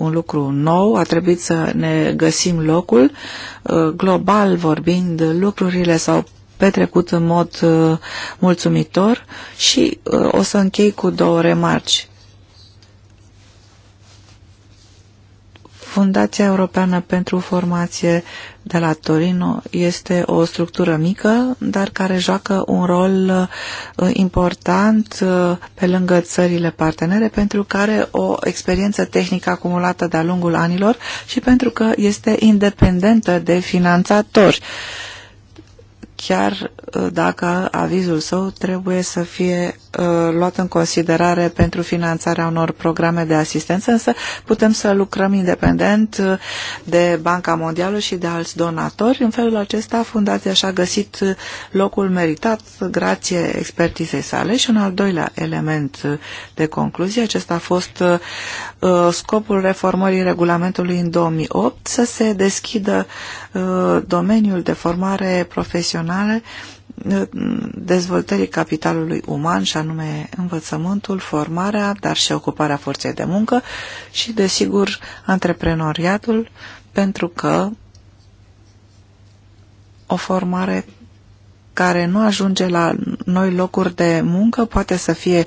un lucru nou, a trebuit să ne găsim locul. Uh, global vorbind, lucrurile s-au petrecut în mod uh, mulțumitor și uh, o să închei cu două remarci. Fundația Europeană pentru Formație de la Torino este o structură mică, dar care joacă un rol uh, important uh, pe lângă țările partenere, pentru care o experiență tehnică acumulată de-a lungul anilor și pentru că este independentă de finanțatori chiar uh, dacă avizul său trebuie să fie uh, luat în considerare pentru finanțarea unor programe de asistență, însă putem să lucrăm independent uh, de Banca Mondială și de alți donatori. În felul acesta, fundația și-a găsit locul meritat grație expertizei sale și un al doilea element de concluzie, acesta a fost scopul reformării regulamentului în 2008, să se deschidă domeniul de formare profesională naționale dezvoltării capitalului uman și anume învățământul, formarea, dar și ocuparea forței de muncă și, desigur, antreprenoriatul, pentru că o formare care nu ajunge la noi locuri de muncă poate să fie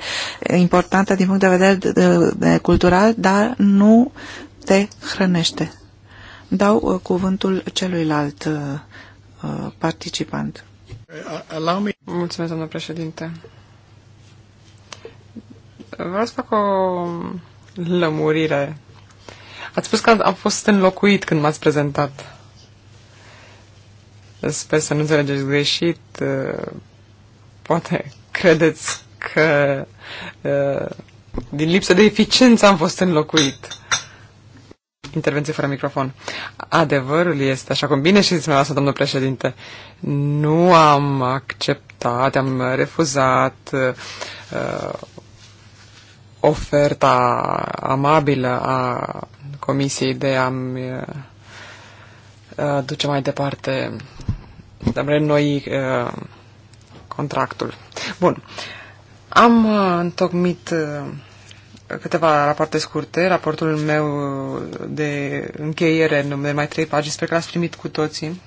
importantă din punct de vedere de, de, de cultural, dar nu te hrănește. Dau uh, cuvântul celuilalt uh, Uh, participant. Mulțumesc, doamnă președinte. Vreau să fac o lămurire. Ați spus că am fost înlocuit când m-ați prezentat. Sper să nu înțelegeți greșit. Uh, poate credeți că uh, din lipsă de eficiență am fost înlocuit. Intervenție fără microfon. Adevărul este, așa cum bine știți, mă lasă, domnul președinte, nu am acceptat, am refuzat uh, oferta amabilă a Comisiei de a-mi uh, duce mai departe, de a renoi uh, contractul. Bun. Am uh, întocmit uh, câteva rapoarte scurte. Raportul meu de încheiere, în numele mai trei pagini, sper că l-ați primit cu toții.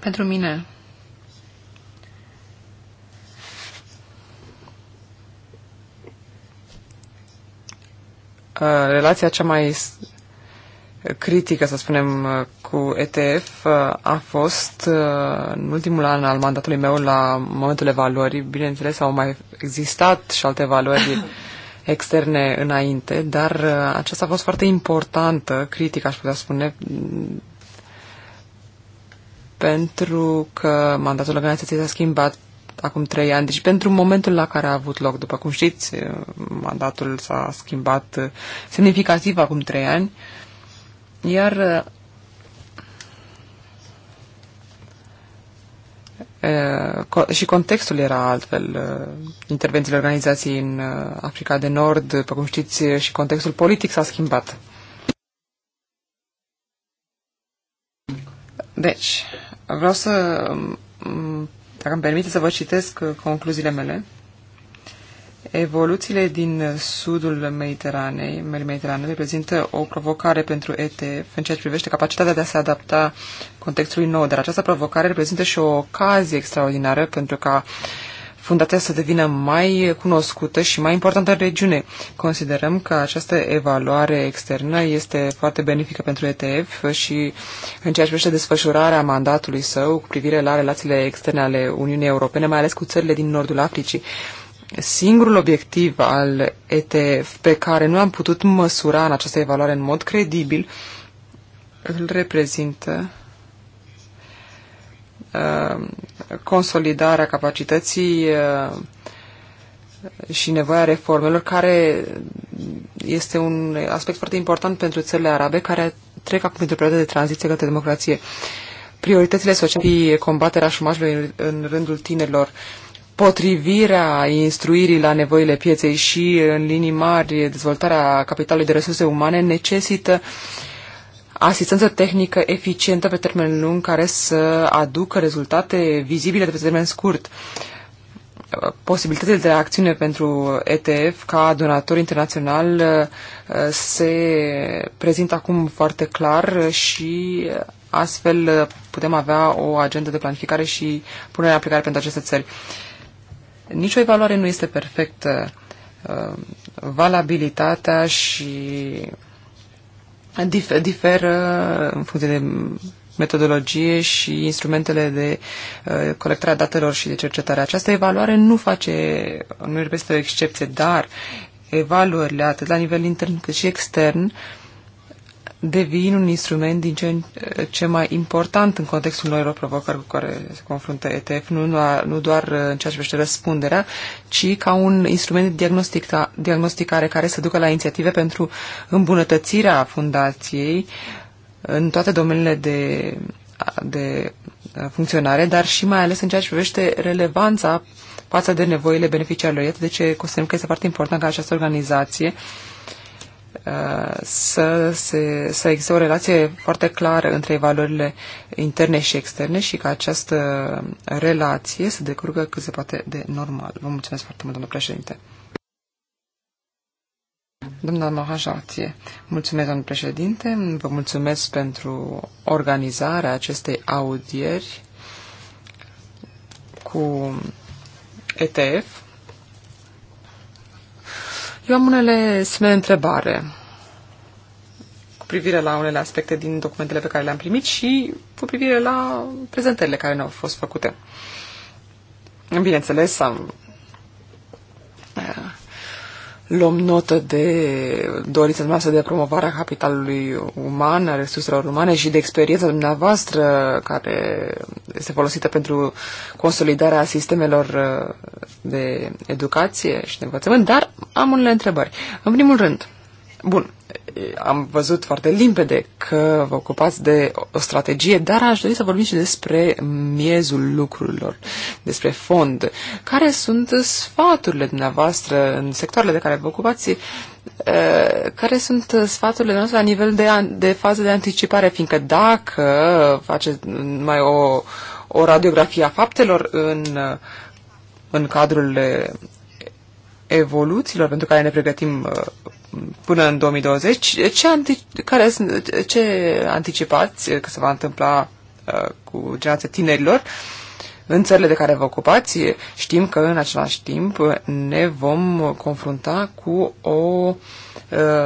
Pentru mine, relația cea mai critică, să spunem, cu ETF a fost uh, în ultimul an al mandatului meu la momentul evaluării. Bineînțeles, au mai existat și alte valori externe înainte, dar uh, aceasta a fost foarte importantă, critică, aș putea spune, pentru că mandatul organizației s-a schimbat acum trei ani, deci pentru momentul la care a avut loc. După cum știți, uh, mandatul s-a schimbat semnificativ acum trei ani iar uh, uh, și contextul era altfel. Uh, intervențiile organizației în Africa de Nord, după cum știți, și contextul politic s-a schimbat. Deci, vreau să, dacă îmi permite să vă citesc concluziile mele. Evoluțiile din sudul Mediteranei, Mediteranei reprezintă o provocare pentru ETF în ceea ce privește capacitatea de a se adapta contextului nou, dar această provocare reprezintă și o ocazie extraordinară pentru ca fundația să devină mai cunoscută și mai importantă în regiune. Considerăm că această evaluare externă este foarte benefică pentru ETF și în ceea ce privește desfășurarea mandatului său cu privire la relațiile externe ale Uniunii Europene, mai ales cu țările din Nordul Africii singurul obiectiv al ETF pe care nu am putut măsura în această evaluare în mod credibil îl reprezintă uh, consolidarea capacității uh, și nevoia reformelor, care este un aspect foarte important pentru țările arabe care trec acum într-o perioadă de tranziție către democrație. Prioritățile sociale, combaterea șomajului în, în rândul tinerilor, uh, potrivirea instruirii la nevoile pieței și, în linii mari, dezvoltarea capitalului de resurse umane necesită asistență tehnică eficientă pe termen lung care să aducă rezultate vizibile de pe termen scurt. Posibilitățile de acțiune pentru ETF ca donator internațional uh, se prezintă acum foarte clar și astfel uh, putem avea o agendă de planificare și punere în aplicare pentru aceste țări. Nicio evaluare nu este perfectă. Uh, valabilitatea și diferă în funcție de metodologie și instrumentele de uh, colectare a datelor și de cercetare. Această evaluare nu face, nu reprezintă o excepție, dar evaluările atât la nivel intern cât și extern uh, devin un instrument din ce, eh, ce mai important în contextul noilor provocări cu care se confruntă ETF, nu, nu doar eh, în ceea ce privește răspunderea, ci ca un instrument de diagnostic, diagnosticare care să ducă la inițiative pentru îmbunătățirea fundației eh, în toate domeniile de, de funcționare, dar și mai ales în ceea ce privește relevanța față de nevoile beneficiarilor. Iată de ce considerăm că este foarte important ca această organizație uh, să, se, să existe o relație foarte clară între valorile interne și externe și că această relație să decurgă cât se poate de normal. Vă mulțumesc foarte mult, domnule președinte. Doamna Mahajatie, mulțumesc, domnul președinte, vă mulțumesc pentru organizarea acestei audieri cu ETF eu am unele semne de întrebare cu privire la unele aspecte din documentele pe care le-am primit și cu privire la prezentările care ne-au fost făcute. Bineînțeles, am luăm notă de dorința noastră de promovarea capitalului uman, a resurselor umane și de experiența dumneavoastră care este folosită pentru consolidarea sistemelor uh, de educație și de învățământ, dar am unele întrebări. În primul rând, bun, am văzut foarte limpede că vă ocupați de o strategie, dar aș dori să vorbim și despre miezul lucrurilor, despre fond. Care sunt sfaturile dumneavoastră în sectoarele de care vă ocupați? Eh, care sunt sfaturile noastre la nivel de, de fază de anticipare? Fiindcă dacă faceți mai o, o radiografie a faptelor în, în cadrul evoluțiilor pentru care ne pregătim uh, până în 2020, ce, anti- care sunt, ce anticipați că se va întâmpla uh, cu generația tinerilor în țările de care vă ocupați? Știm că în același timp ne vom confrunta cu o uh,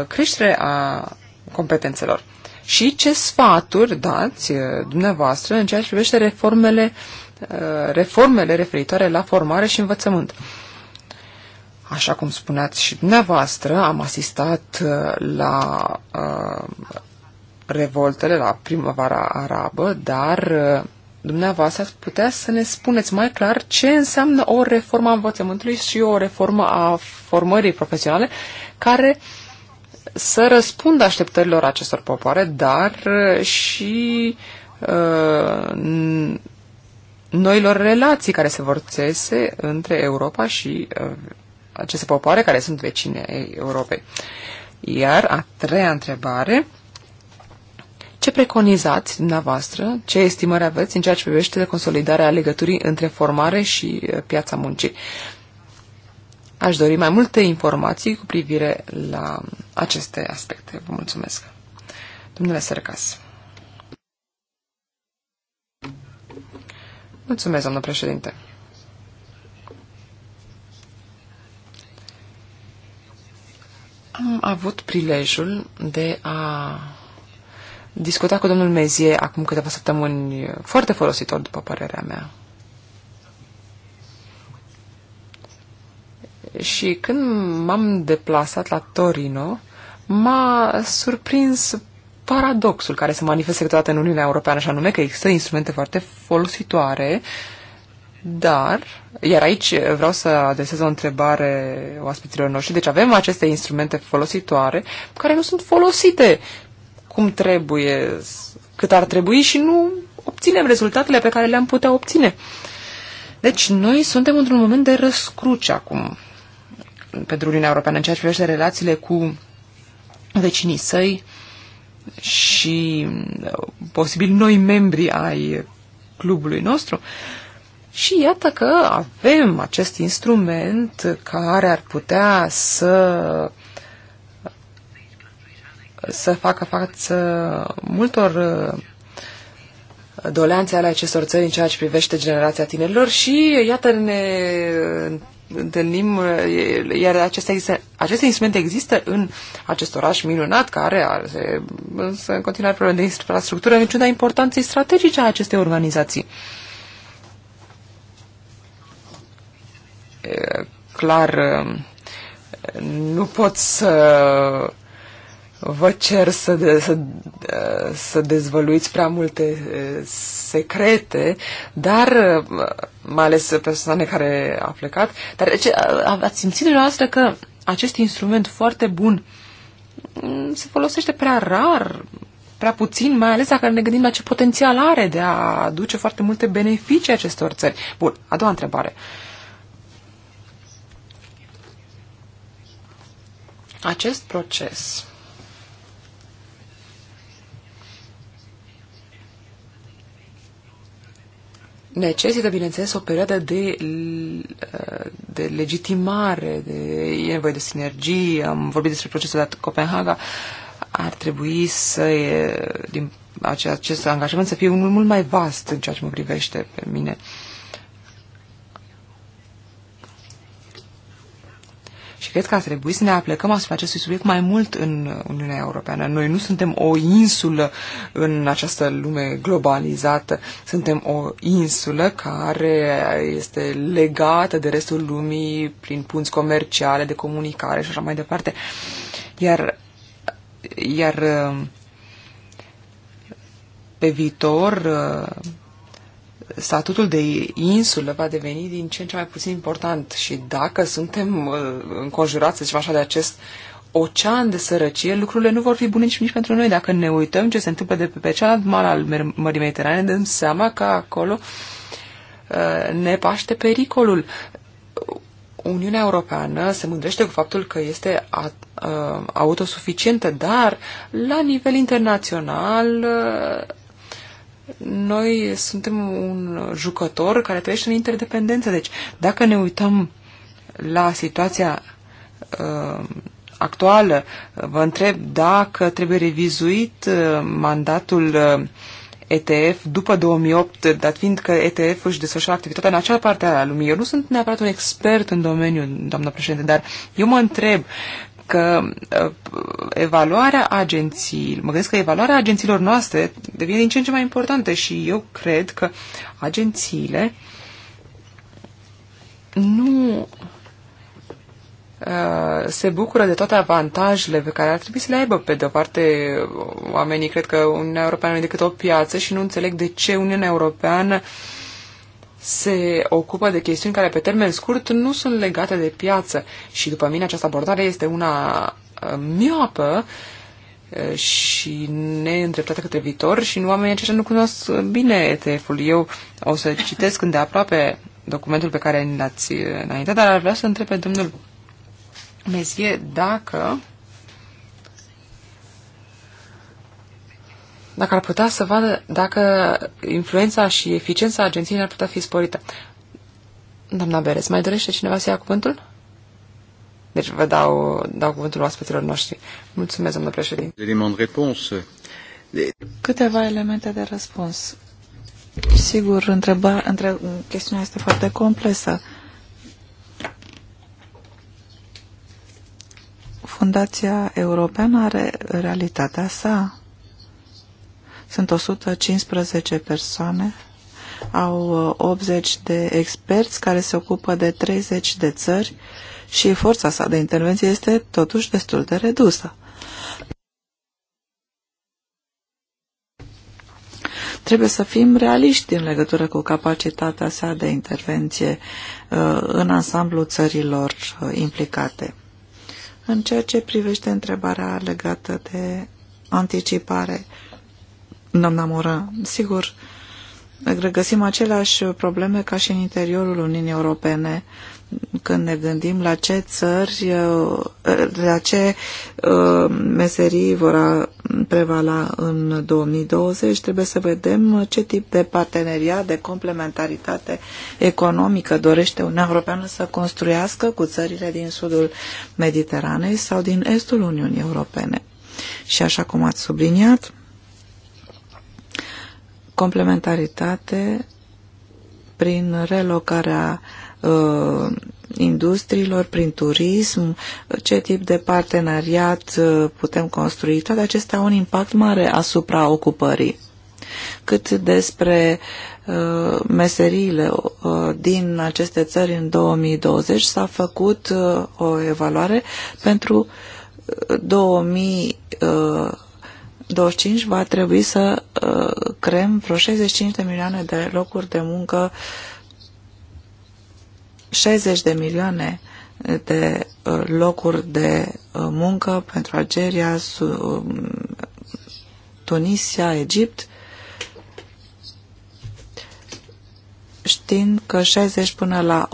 creștere a competențelor. Și ce sfaturi dați dumneavoastră în ceea ce privește reformele, reformele referitoare la formare și învățământ? Așa cum spuneați și dumneavoastră, am asistat uh, la uh, revoltele, la primăvara arabă, dar uh, dumneavoastră ați putea să ne spuneți mai clar ce înseamnă o reformă a învățământului și o reformă a formării profesionale care să răspundă așteptărilor acestor popoare, dar uh, și uh, noilor relații care se vor țese între Europa și uh, aceste popoare care sunt vecine Europei. Iar a treia întrebare, ce preconizați dumneavoastră, ce estimări aveți în ceea ce privește de consolidarea legăturii între formare și eh, piața muncii? Aș dori mai multe informații cu privire la aceste aspecte. Vă mulțumesc. Domnule Sărcas. Mulțumesc, domnul președinte. Am avut prilejul de a discuta cu domnul Mezie acum câteva săptămâni foarte folositor, după părerea mea. Și când m-am deplasat la Torino, m-a surprins paradoxul care se manifestă câteodată în Uniunea Europeană, și anume că există instrumente foarte folositoare uh, dar, iar aici vreau să adresez o întrebare oaspeților noștri. Deci avem aceste instrumente folositoare care nu sunt folosite cum trebuie, cât ar trebui și nu obținem rezultatele pe care le-am putea obține. Deci noi suntem într-un moment de răscruce acum pentru Uniunea Europeană în ceea ce privește relațiile cu vecinii săi și uh, posibil noi membri ai clubului nostru. Uh, și iată că avem acest instrument care ar putea să să facă față multor uh, doleanțe ale acestor țări în ceea ce privește generația tinerilor și iată ne întâlnim, uh, iar aceste, aceste instrumente există în acest oraș minunat care are însă în continuare probleme de infrastructură în ciuda importanței strategice a acestei organizații. clar, nu pot să vă cer să, de, să, să dezvăluiți prea multe eh, secrete, dar eh, mai ales persoane care a plecat, dar ce, ați simțit dumneavoastră că acest instrument foarte bun mm, se folosește prea rar, prea puțin, mai ales dacă ne gândim la ce potențial are de a aduce foarte multe beneficii acestor țări. Bun, a doua întrebare. Uh, Acest proces necesită, bineînțeles, o perioadă de, de legitimare, de, e nevoie de sinergie, am vorbit despre procesul de la Copenhaga, ar trebui să e, din acest, acest angajament să fie unul mult mai vast în ceea ce mă privește pe mine. Uh, Și cred că ar trebui să ne aplecăm asupra acestui subiect mai mult în Uniunea Europeană. Noi nu suntem o insulă în această lume globalizată. Suntem o insulă care este legată de restul lumii prin punți comerciale, de comunicare și așa mai departe. Iar, iar pe viitor statutul de insulă va deveni din ce în ce mai puțin important și dacă suntem uh, înconjurați, să zicem așa, de acest ocean de sărăcie, lucrurile nu vor fi bune nici, nici pentru noi. Dacă ne uităm ce se întâmplă de pe, pe cealaltă mare al Mării Mediterane, dăm seama că acolo uh, ne paște pericolul. Uniunea Europeană se mândrește cu faptul că este a, a, uh, autosuficientă, dar la nivel internațional a, noi suntem un jucător care trăiește în interdependență. Deci, dacă ne uităm la situația uh, actuală, vă întreb dacă trebuie revizuit uh, mandatul uh, ETF după 2008, dat fiind că ETF își desfășoară activitatea în acea parte a lumii. Eu nu sunt neapărat un expert în domeniu, doamnă președinte, dar eu mă întreb că uh, evaluarea agențiilor, mă gândesc că evaluarea agențiilor noastre devine din ce în ce mai importantă și eu cred că agențiile nu uh, se bucură de toate avantajele pe care ar trebui să le aibă. Pe de-o parte, oamenii cred că Uniunea Europeană nu e decât o piață și nu înțeleg de ce Uniunea Europeană uh, se ocupă de chestiuni care pe termen scurt nu sunt legate de piață și după mine această abordare este una uh, miopă uh, și neîndreptată către viitor și nu oamenii aceștia nu cunosc bine ETF-ul. Eu o să citesc îndeaproape documentul pe care l-ați uh, înainte, dar ar vrea să întreb pe domnul Mezie dacă dacă ar putea să vadă dacă influența și eficiența agenției ar putea fi sporită. Doamna Beres, mai dorește cineva să ia cuvântul? Deci vă dau, dau cuvântul oaspeților noștri. Mulțumesc, domnule președinte. Câteva elemente de răspuns. Sigur, întreba, între, chestiunea este foarte complexă. Fundația Europeană are realitatea sa, sunt 115 persoane, au 80 uh, de experți care se ocupă de 30 de țări și forța sa de intervenție este totuși destul de redusă. Trebuie să fim realiști în legătură cu capacitatea sa de intervenție uh, în ansamblu țărilor uh, implicate. În ceea ce privește întrebarea legată de anticipare, uh, doamna Mora, sigur, regăsim aceleași probleme ca și în interiorul Uniunii Europene când ne gândim la ce țări, uh, la ce uh, meserii vor prevala în 2020, trebuie să vedem ce tip de parteneriat, de complementaritate economică dorește Uniunea Europeană să construiască cu țările din sudul Mediteranei sau din estul Uniunii Europene. Și așa cum ați subliniat, complementaritate prin relocarea uh, industriilor, prin turism, ce tip de parteneriat uh, putem construi. Toate acestea au un impact mare asupra ocupării. Cât despre uh, meseriile uh, din aceste țări în 2020 s-a făcut uh, o evaluare pentru 2000 uh, 2025 va trebui să uh, creăm vreo 65 de milioane de locuri de muncă, 60 de milioane de uh, locuri de uh, muncă pentru Algeria, Su um, Tunisia, Egipt, știind că 60 până la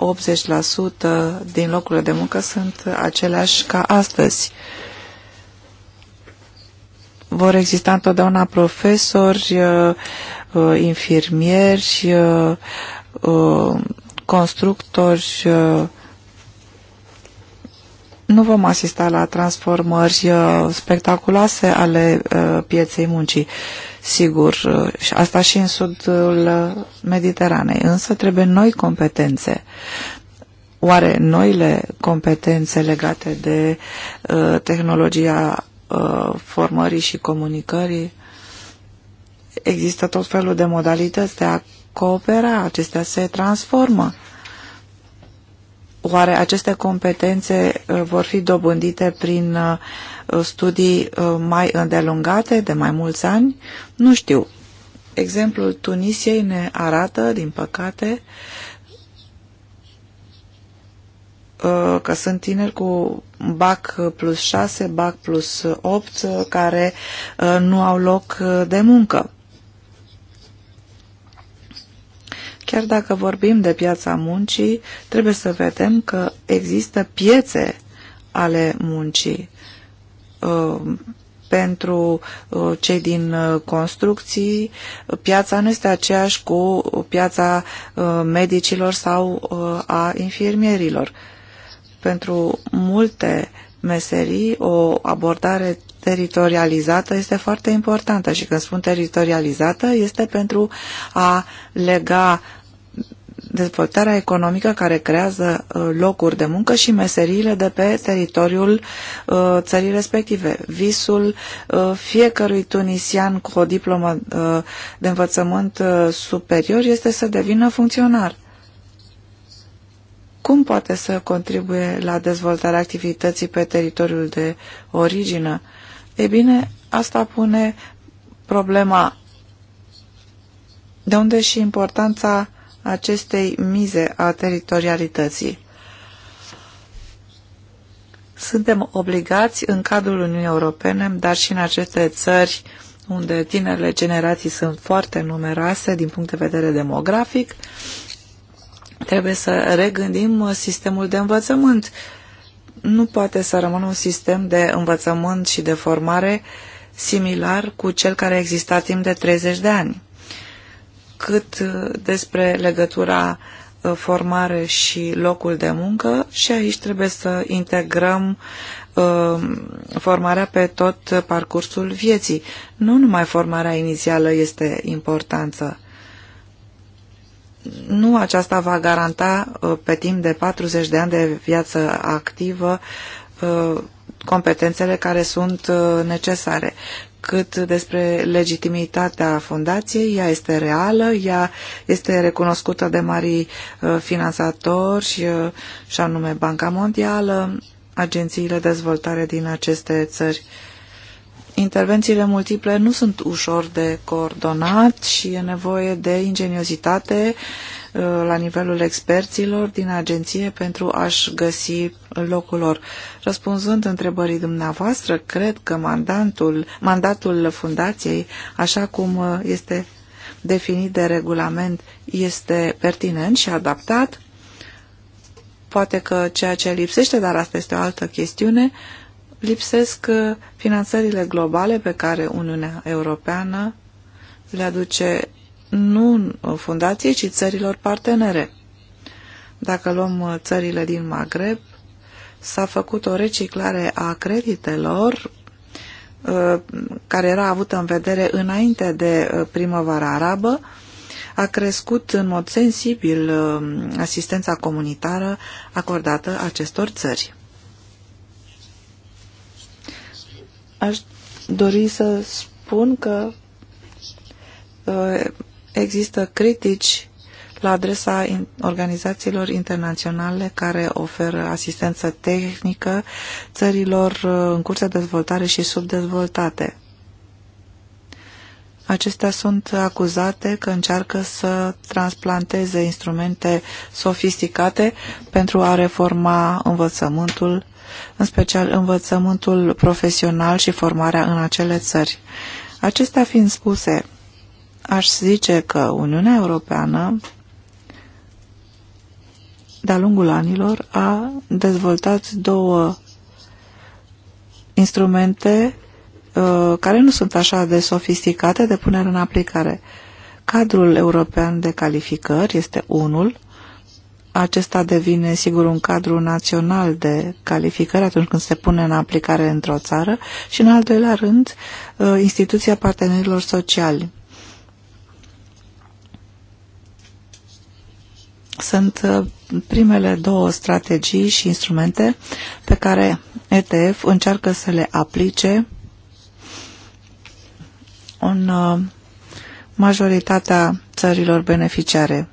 80% din locurile de muncă sunt aceleași ca astăzi. Uh, vor exista întotdeauna profesori, uh, uh, infirmieri, uh, constructori. Nu vom asista la transformări spectaculoase ale pieței muncii, sigur, și asta și în sudul Mediteranei, însă trebuie noi competențe. Oare noile competențe legate de tehnologia Uh, formării și comunicării. Există tot felul de modalități de a coopera, acestea se transformă. Oare aceste competențe uh, vor fi dobândite prin uh, studii mai îndelungate, de mai mulți ani? Nu știu. Exemplul Tunisiei ne arată, din păcate, Uh, că sunt tineri cu BAC plus 6, BAC plus 8, uh, care uh, nu au loc de muncă. Chiar dacă vorbim de piața muncii, trebuie să vedem că există piețe ale muncii pentru cei din construcții. Piața nu este aceeași cu piața medicilor sau a infirmierilor. Pentru multe meserii, o abordare teritorializată este foarte importantă și când spun teritorializată este pentru a lega dezvoltarea economică care creează uh, locuri de muncă și meseriile de pe teritoriul uh, țării respective. Visul uh, fiecărui tunisian cu o diplomă de învățământ superior este să devină funcționar cum poate să contribuie la dezvoltarea activității pe teritoriul de origine? E bine, asta pune problema de unde și importanța acestei mize a teritorialității. Suntem obligați în cadrul Uniunii Europene, dar și în aceste țări unde tinerile generații sunt foarte numeroase din punct de vedere demografic, Trebuie să regândim uh, sistemul de învățământ. Nu poate să rămână un sistem de învățământ și de formare similar cu cel care a existat timp de 30 de ani. Cât uh, despre legătura uh, formare și locul de muncă și aici trebuie să integrăm formarea pe tot parcursul vieții. Nu numai formarea inițială este importantă, nu aceasta va garanta uh, pe timp de 40 de ani de viață activă uh, competențele care sunt uh, necesare. Cât despre legitimitatea fundației, ea este reală, ea este recunoscută de mari finanțatori și, și anume Banca Mondială, agențiile de dezvoltare din aceste țări. Uh, intervențiile multiple nu sunt ușor de coordonat și e nevoie de ingeniozitate uh, la nivelul experților din agenție pentru a-și găsi locul lor. Răspunzând întrebării dumneavoastră, cred că mandatul, mandatul fundației, așa cum uh, este definit de regulament, este pertinent și adaptat. Poate că ceea ce lipsește, dar asta este o altă chestiune, lipsesc uh, finanțările globale pe care Uniunea Europeană le aduce nu uh, fundației, ci țărilor partenere. Dacă luăm uh, țările din Maghreb, s-a făcut o reciclare a creditelor care era avută în vedere înainte de primăvara arabă, a crescut în mod sensibil asistența comunitară acordată acestor țări. Aș dori să spun că uh, există critici la adresa organizațiilor internaționale care oferă asistență tehnică țărilor uh, în curs de dezvoltare și subdezvoltate. Acestea sunt acuzate că încearcă să transplanteze instrumente sofisticate pentru a reforma învățământul în special învățământul profesional și formarea în acele țări. Acestea fiind spuse, aș zice că Uniunea Europeană de-a lungul anilor a dezvoltat două instrumente uh, care nu sunt așa de sofisticate de punere în aplicare. Cadrul european de calificări este unul acesta devine sigur un cadru național de calificări atunci când se pune în aplicare într-o țară și în al doilea rând uh, instituția partenerilor sociali. Sunt uh, primele două strategii și instrumente pe care ETF încearcă să le aplice în uh, majoritatea țărilor beneficiare.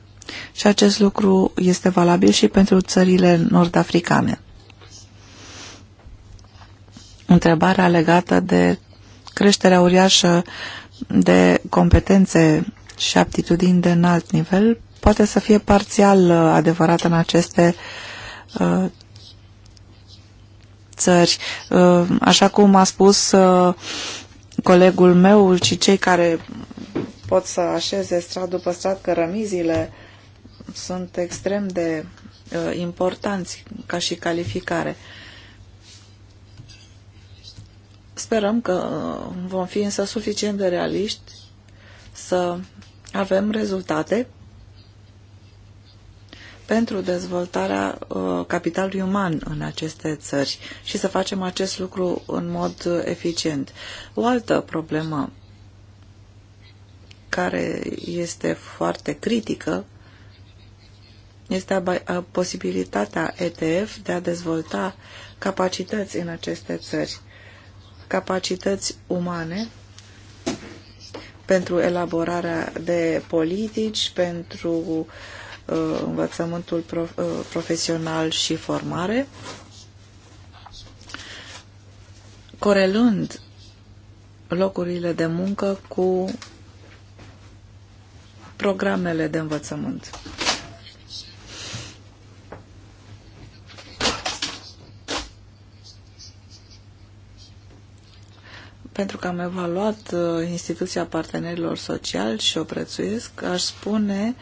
Și acest lucru este valabil și pentru țările nord-africane. Întrebarea legată de creșterea uriașă de competențe și aptitudini de înalt nivel poate să fie parțial uh, adevărată în aceste uh, țări. Uh, așa cum a spus colegul meu și cei care pot să așeze strat după strat cărămizile sunt extrem de uh, importanți ca și calificare. Sperăm că uh, vom fi însă suficient de realiști să avem rezultate pentru dezvoltarea uh, capitalului uman în aceste țări și să facem acest lucru în mod eficient. O altă problemă care este foarte critică este posibilitatea ETF de a dezvolta capacități în aceste țări, capacități umane pentru elaborarea de politici, pentru uh, învățământul prof, uh, profesional și formare, corelând locurile de muncă cu programele de învățământ. pentru că am evaluat uh, instituția partenerilor sociali și o prețuiesc, aș spune,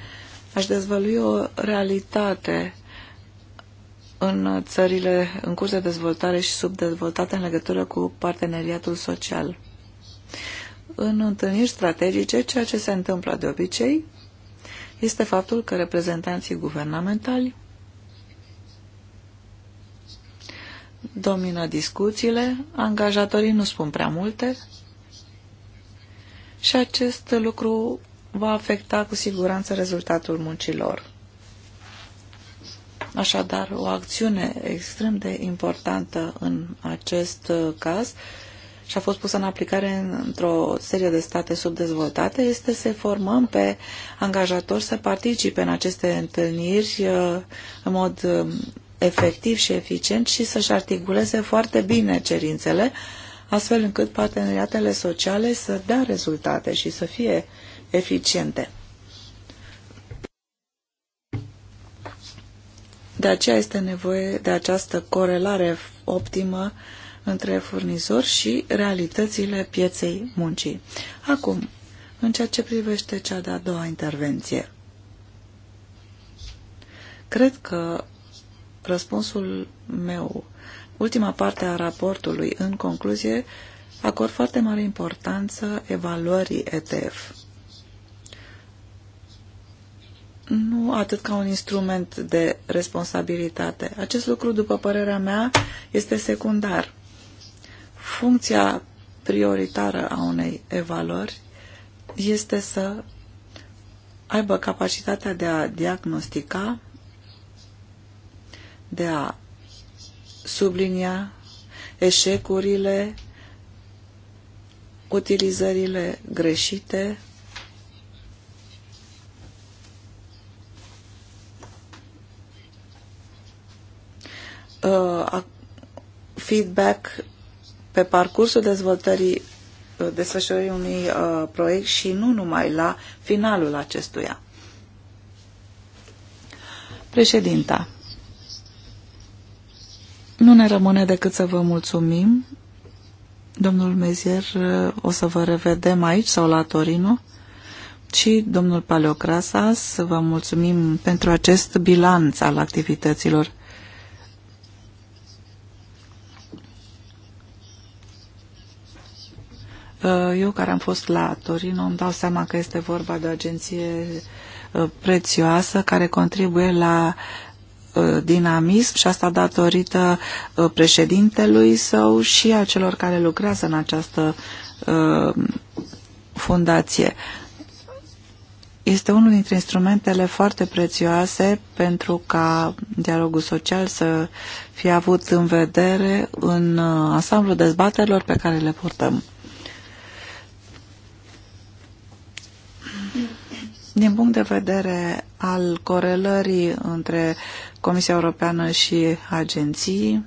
aș dezvălui o realitate în țările în curs de dezvoltare și subdezvoltate în legătură cu parteneriatul social. În întâlniri strategice, ceea ce se întâmplă de obicei este faptul că reprezentanții guvernamentali domină discuțiile, angajatorii nu spun prea multe și acest lucru va afecta cu siguranță rezultatul muncilor. Așadar, o acțiune extrem de importantă în acest caz și a fost pusă în aplicare într-o serie de state subdezvoltate este să formăm pe angajatori să participe în aceste întâlniri uh, în mod um, efectiv și eficient și să-și articuleze foarte bine cerințele, astfel încât parteneriatele sociale să dea rezultate și să fie eficiente. De aceea este nevoie de această corelare optimă între furnizori și realitățile pieței muncii. Acum, în ceea ce privește cea de-a doua intervenție, cred că răspunsul meu, ultima parte a raportului, în concluzie, acord foarte mare importanță evaluării ETF. Nu atât ca un instrument de responsabilitate. Acest lucru, după părerea mea, este secundar. Funcția prioritară a unei evaluări este să aibă capacitatea de a diagnostica de a sublinia eșecurile, utilizările greșite, uh, feedback pe parcursul dezvoltării uh, desfășurării unui uh, proiect și nu numai la finalul acestuia. Președinta nu ne rămâne decât să vă mulțumim. Domnul Mezier, o să vă revedem aici sau la Torino. Și domnul să vă mulțumim pentru acest bilanț al activităților. Uh, eu care am fost la Torino îmi dau seama că este vorba de o agenție uh, prețioasă care contribuie la Uh, dinamism și asta datorită uh, președintelui său și a celor care lucrează în această uh, fundație. Este unul dintre instrumentele foarte prețioase pentru ca dialogul social să fie avut în vedere în ansamblul dezbaterilor pe care le purtăm. Din punct de vedere al corelării între Comisia Europeană și agenții.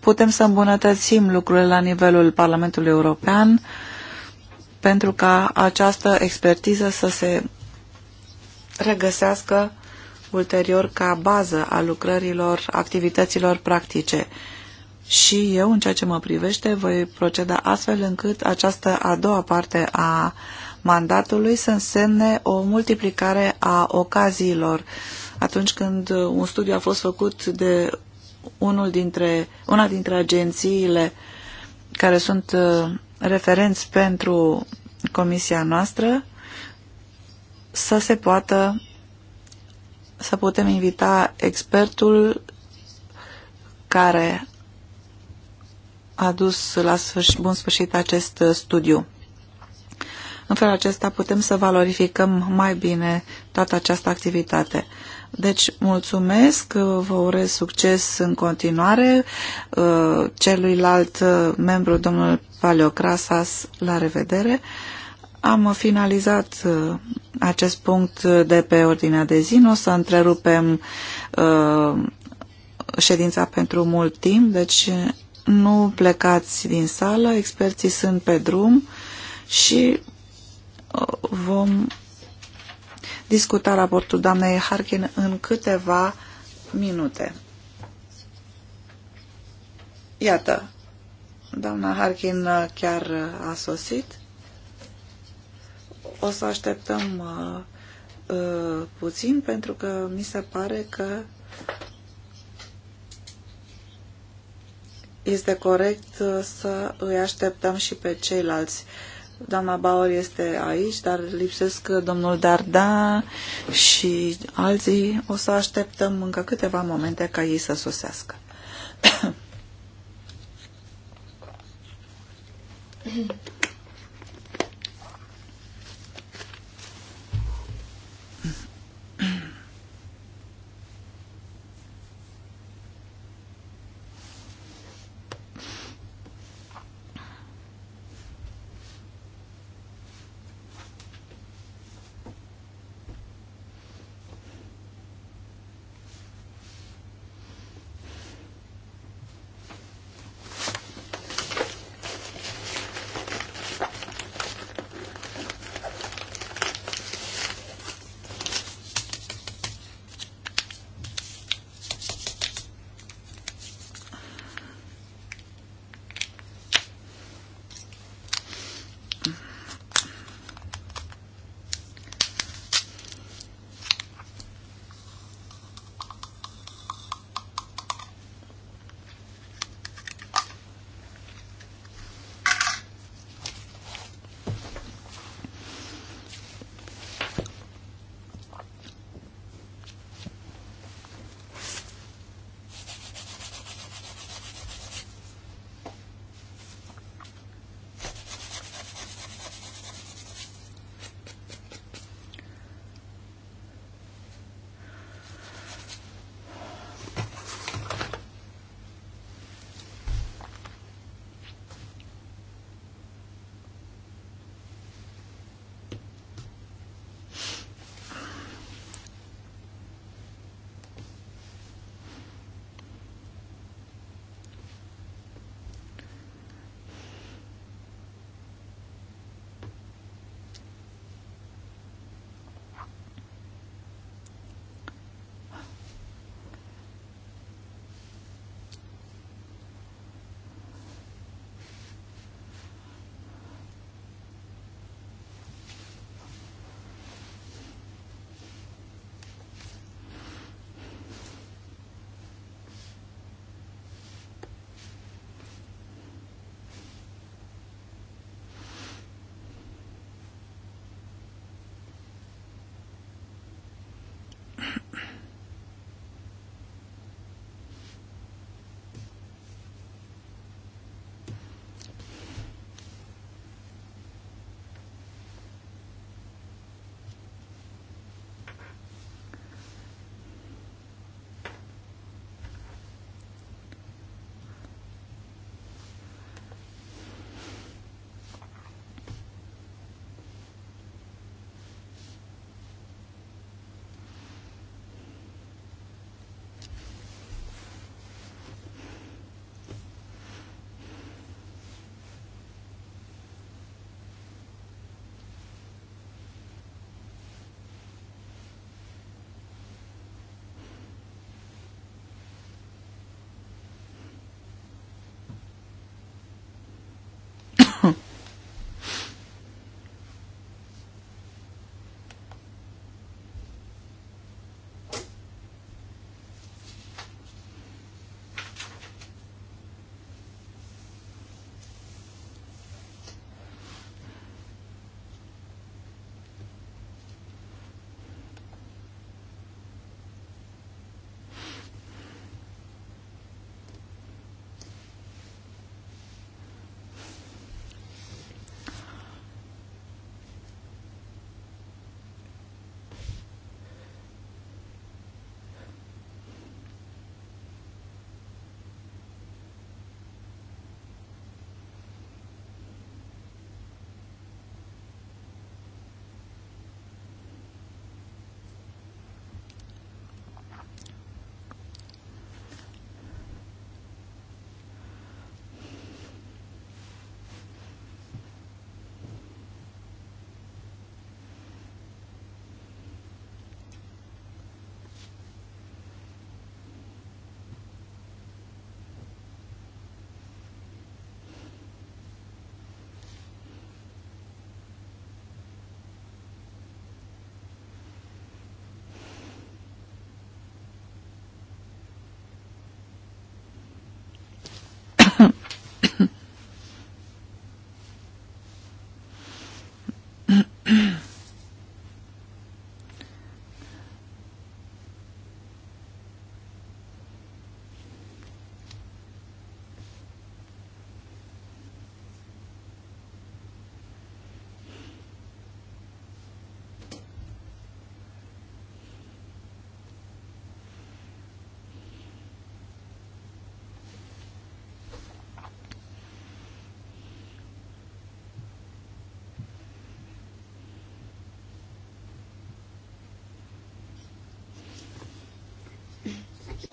Putem să îmbunătățim lucrurile la nivelul Parlamentului European pentru ca această expertiză să se regăsească ulterior ca bază a lucrărilor, activităților practice și eu, în ceea ce mă privește, voi proceda astfel încât această a doua parte a mandatului să însemne o multiplicare a ocaziilor. Atunci când un studiu a fost făcut de unul dintre, una dintre agențiile care sunt uh, referenți pentru comisia noastră, să se poată să putem invita expertul care a dus la sfârșit, bun sfârșit acest uh, studiu. În felul acesta putem să valorificăm mai bine toată această activitate. Deci, mulțumesc, uh, vă urez succes în continuare. Uh, celuilalt membru, domnul Paleocrasas, la revedere. Am finalizat acest punct de pe ordinea de zi. Nu o să întrerupem ședința pentru mult timp, deci nu plecați din sală, experții sunt pe drum și uh, vom discuta raportul doamnei Harkin în câteva minute. Iată, doamna Harkin chiar a sosit. O să așteptăm uh, uh, puțin pentru că mi se pare că este corect uh, să îi așteptăm și pe ceilalți. Doamna Bauer este aici, dar lipsesc uh, domnul Darda și alții. O să așteptăm încă câteva momente ca ei să sosească.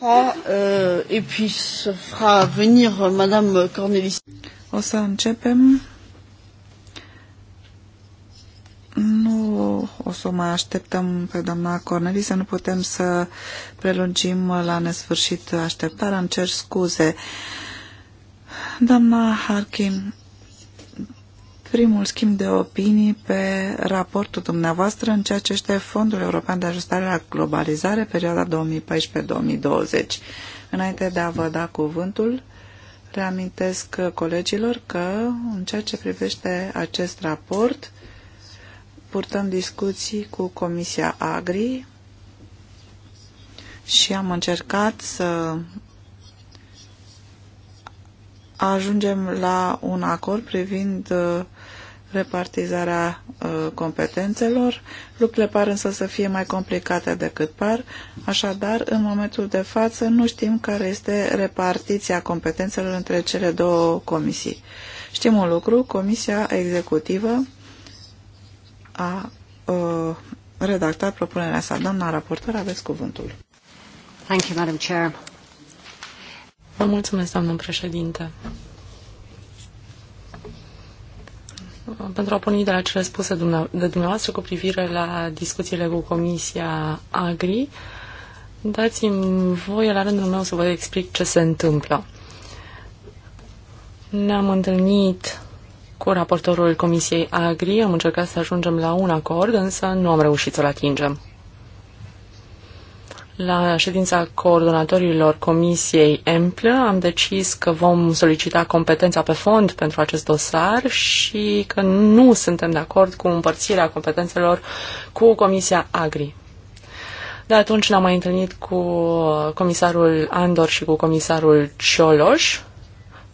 Euh, et puis se fera venir euh, Madame Cornelis. O să începem. Nu o să mai așteptăm pe doamna Cornelis, să nu putem să prelungim la nesfârșit așteptarea. Îmi cer scuze. Doamna Harkin, primul schimb de opinii pe raportul dumneavoastră în ceea ce este Fondul European de Ajustare la Globalizare, perioada 2014-2020. Înainte de a vă da cuvântul, reamintesc colegilor că, în ceea ce privește acest raport, purtăm discuții cu Comisia Agri și am încercat să ajungem la un acord privind uh, repartizarea uh, competențelor. Lucrurile par însă să fie mai complicate decât par, așadar, în momentul de față, nu știm care este repartiția competențelor între cele două comisii. Știm un lucru, Comisia Executivă a uh, redactat propunerea sa. Doamna raportor, aveți cuvântul. Thank you, Madam Chair. Vă mulțumesc, doamnă președinte. Pentru a porni de la cele spuse de dumneavoastră cu privire la discuțiile cu Comisia Agri, dați-mi voie la rândul meu să vă explic ce se întâmplă. Ne-am întâlnit cu raportorul Comisiei Agri, am încercat să ajungem la un acord, însă nu am reușit să-l atingem. La ședința coordonatorilor Comisiei Emplă am decis că vom solicita competența pe fond pentru acest dosar și că nu suntem de acord cu împărțirea competențelor cu Comisia Agri. De atunci ne-am mai întâlnit cu comisarul Andor și cu comisarul Cioloș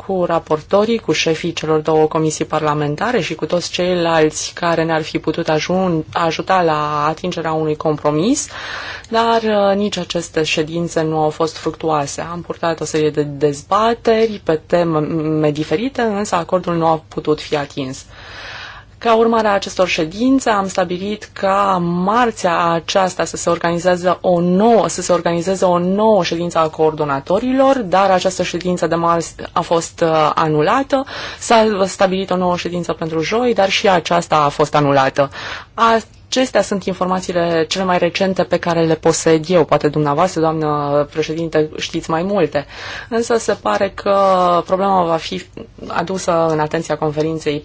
cu raportorii, cu șefii celor două comisii parlamentare și cu toți ceilalți care ne-ar fi putut ajun, ajuta la atingerea unui compromis, dar uh, nici aceste ședințe nu au fost fructuoase. Am purtat o serie de dezbateri pe teme diferite, însă acordul nu a putut fi atins. Ca urmare a acestor ședințe am stabilit ca marțea aceasta să se organizeze o nouă, să se organizeze o nouă ședință a coordonatorilor, dar această ședință de marți a fost uh, anulată. S-a stabilit o nouă ședință pentru joi, dar și aceasta a fost anulată. Acestea sunt informațiile cele mai recente pe care le posed eu. Poate dumneavoastră, doamnă președinte, știți mai multe. Însă se pare că problema va fi adusă în atenția conferinței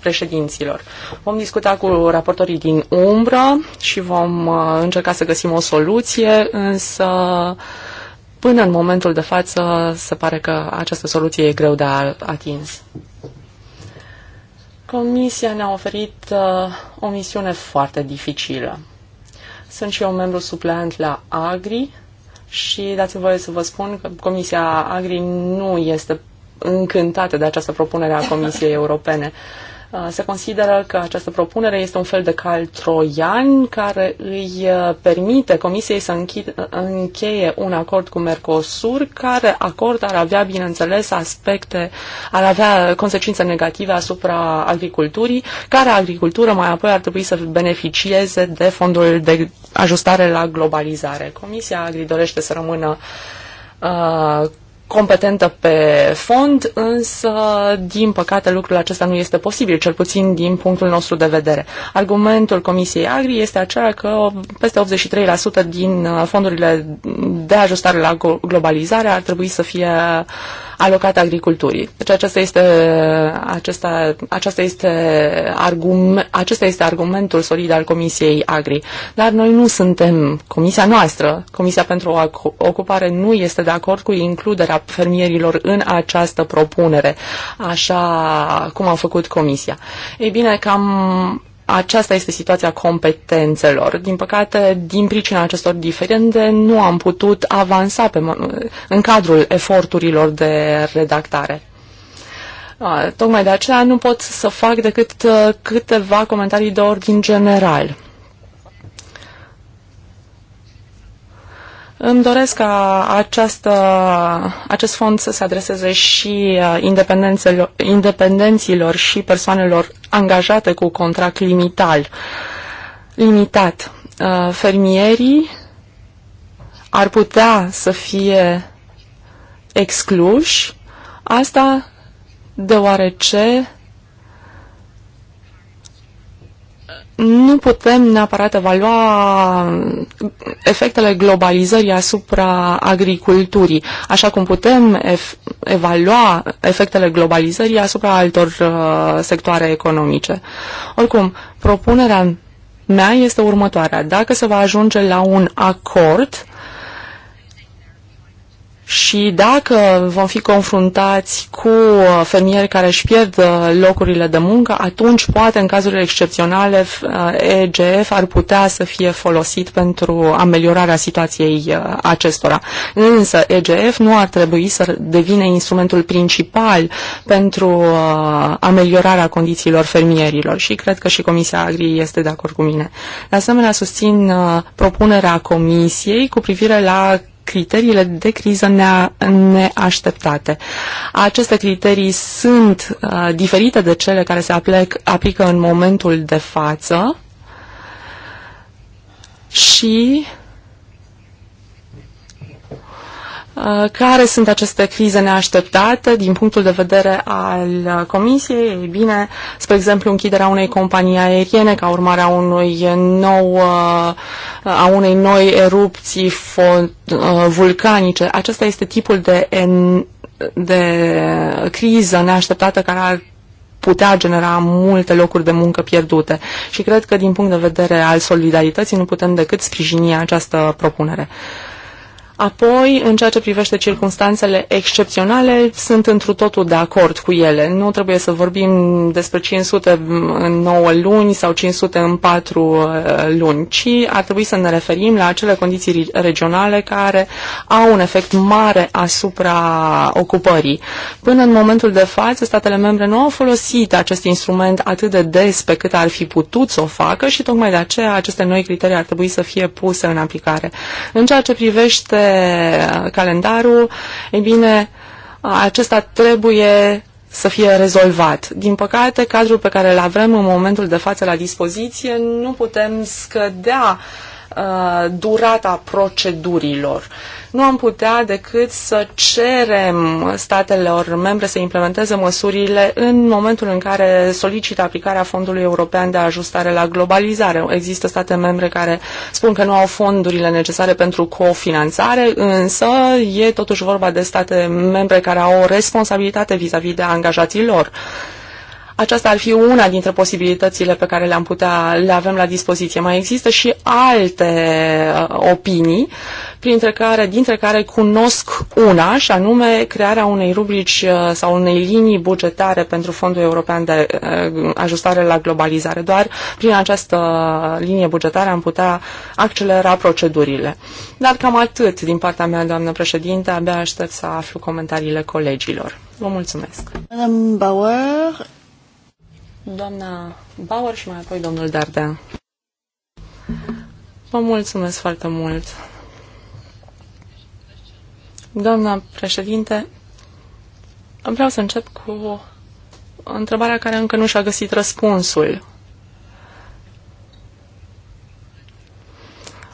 președinților. Vom discuta cu raportorii din umbră și vom uh, încerca să găsim o soluție, însă până în momentul de față se pare că această soluție e greu de atins. Comisia ne-a oferit uh, o misiune foarte dificilă. Sunt și eu membru supleant la Agri și dați-mi voie să vă spun că Comisia Agri nu este încântată de această propunere a Comisiei Europene. Uh, Uh, se consideră că această propunere este un fel de cal troian care îi uh, permite Comisiei să încheie un acord cu Mercosur, care acord ar avea, bineînțeles, aspecte, ar avea consecințe negative asupra agriculturii, care agricultură mai apoi ar trebui să beneficieze de fondul de ajustare la globalizare. Comisia Agri dorește să rămână uh, competentă pe fond, însă, din păcate, lucrul acesta nu este posibil, cel puțin din punctul nostru de vedere. Argumentul Comisiei Agri este acela că peste 83% din uh, fondurile de ajustare la globalizare ar trebui să fie alocate agriculturii. Deci acesta este, acesta, acesta este, argum, acesta este argumentul solid al Comisiei Agri. Dar noi nu suntem, Comisia noastră, Comisia pentru Ocupare nu este de acord cu includerea fermierilor în această propunere, așa cum a făcut Comisia. Ei bine, cam aceasta este situația competențelor. Din păcate, din pricina acestor diferențe, nu am putut avansa pe, în cadrul eforturilor de redactare. A, tocmai de aceea nu pot să fac decât uh, câteva comentarii de ordin general. Îmi doresc ca această, acest fond să se adreseze și uh, independenților și persoanelor angajate cu contract limital, limitat. Uh, fermierii ar putea să fie excluși, asta deoarece nu putem neapărat evalua efectele globalizării asupra agriculturii, așa cum putem ef- evalua efectele globalizării asupra altor uh, sectoare economice. Oricum, propunerea mea este următoarea. Dacă se va ajunge la un acord, și dacă vom fi confruntați cu uh, fermieri care își pierd uh, locurile de muncă, atunci poate în cazurile excepționale EGF uh, ar putea să fie folosit pentru ameliorarea situației acestora. Însă EGF nu ar trebui să devine instrumentul principal pentru ameliorarea condițiilor fermierilor și cred că și Comisia Agri este de acord cu mine. De asemenea, susțin propunerea Comisiei cu privire la criteriile de criză neașteptate. Aceste criterii sunt uh, diferite de cele care se aplec, aplică în momentul de față și uh, Uh, care sunt aceste crize neașteptate din punctul de vedere al uh, Comisiei? Ei bine, spre exemplu, închiderea unei companii aeriene ca urmare a, unui nou, uh, a unei noi erupții vulcanice. Acesta este tipul de, de criză neașteptată care ar putea genera multe locuri de muncă pierdute. Și cred că din punct de vedere al solidarității nu putem decât sprijini această propunere. Uh, Apoi, în ceea ce privește circunstanțele excepționale, sunt întru totul de acord cu ele. Nu trebuie să vorbim despre 500 în 9 luni sau 500 în 4 uh, luni, ci ar trebui să ne referim la acele condiții regionale care au un efect mare asupra ocupării. Până în momentul de față, statele membre nu au folosit acest instrument atât de des pe cât ar fi putut să o facă și tocmai de aceea aceste noi criterii ar trebui să fie puse în aplicare. În ceea ce privește calendarul, e bine, acesta trebuie să fie rezolvat. Din păcate, cadrul pe care îl avem în momentul de față la dispoziție nu putem scădea uh, Uh, durata procedurilor. Nu am putea decât să cerem statelor membre să implementeze măsurile în momentul în care solicită aplicarea Fondului European de Ajustare la Globalizare. Există state membre care spun că nu au fondurile necesare pentru cofinanțare, însă e totuși vorba de state membre care au o responsabilitate vis-a-vis -vis de angajații lor. Uh, aceasta ar fi una dintre posibilitățile pe care le-am putea, le avem la dispoziție. Mai există și alte uh, opinii, printre care, dintre care cunosc una, și anume crearea unei rubrici uh, sau unei linii bugetare pentru Fondul European de uh, Ajustare la Globalizare. Doar prin această linie bugetară am putea accelera procedurile. Dar cam atât din partea mea, doamnă președinte, abia aștept să aflu comentariile colegilor. Vă mulțumesc. Madame Bauer, doamna Bauer și mai apoi domnul Dardea. Vă mulțumesc foarte mult. Doamna președinte, vreau să încep cu întrebarea care încă nu și-a găsit răspunsul.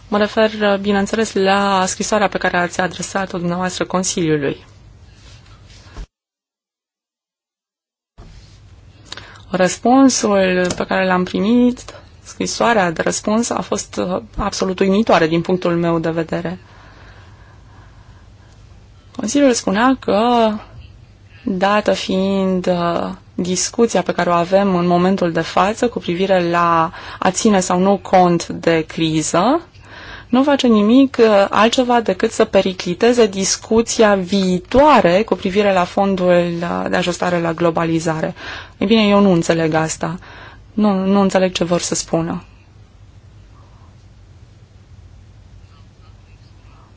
Mă refer, bineînțeles, la scrisoarea pe care ați adresat-o dumneavoastră Consiliului. Răspunsul pe care l-am primit, scrisoarea de răspuns, a fost uh, absolut uimitoare din punctul meu de vedere. Consiliul spunea că, dată fiind uh, discuția pe care o avem în momentul de față cu privire la a ține sau nu cont de criză, nu face nimic uh, altceva decât să pericliteze discuția viitoare cu privire la fondul de ajustare la globalizare. Ei bine, eu nu înțeleg asta. Nu, nu înțeleg ce vor să spună.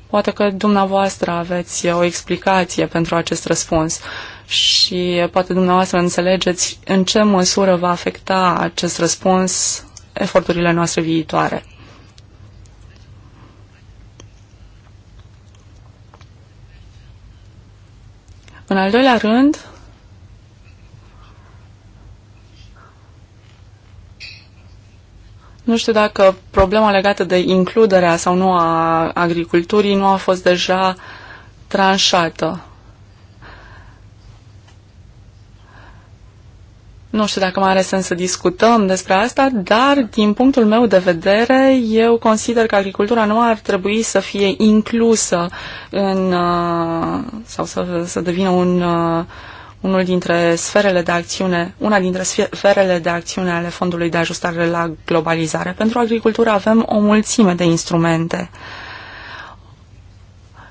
Poate că dumneavoastră aveți o explicație pentru acest răspuns și poate dumneavoastră înțelegeți în ce măsură va afecta acest răspuns eforturile noastre viitoare. În al doilea rând, Nu știu dacă problema legată de includerea sau nu a agriculturii nu a fost deja tranșată. Nu știu dacă mai are sens să discutăm despre asta, dar din punctul meu de vedere, eu consider că agricultura nu ar trebui să fie inclusă în, uh, sau să, să devină un, uh, unul dintre sferele de acțiune, una dintre sferele de acțiune ale Fondului de Ajustare la Globalizare. Pentru agricultură avem o mulțime de instrumente.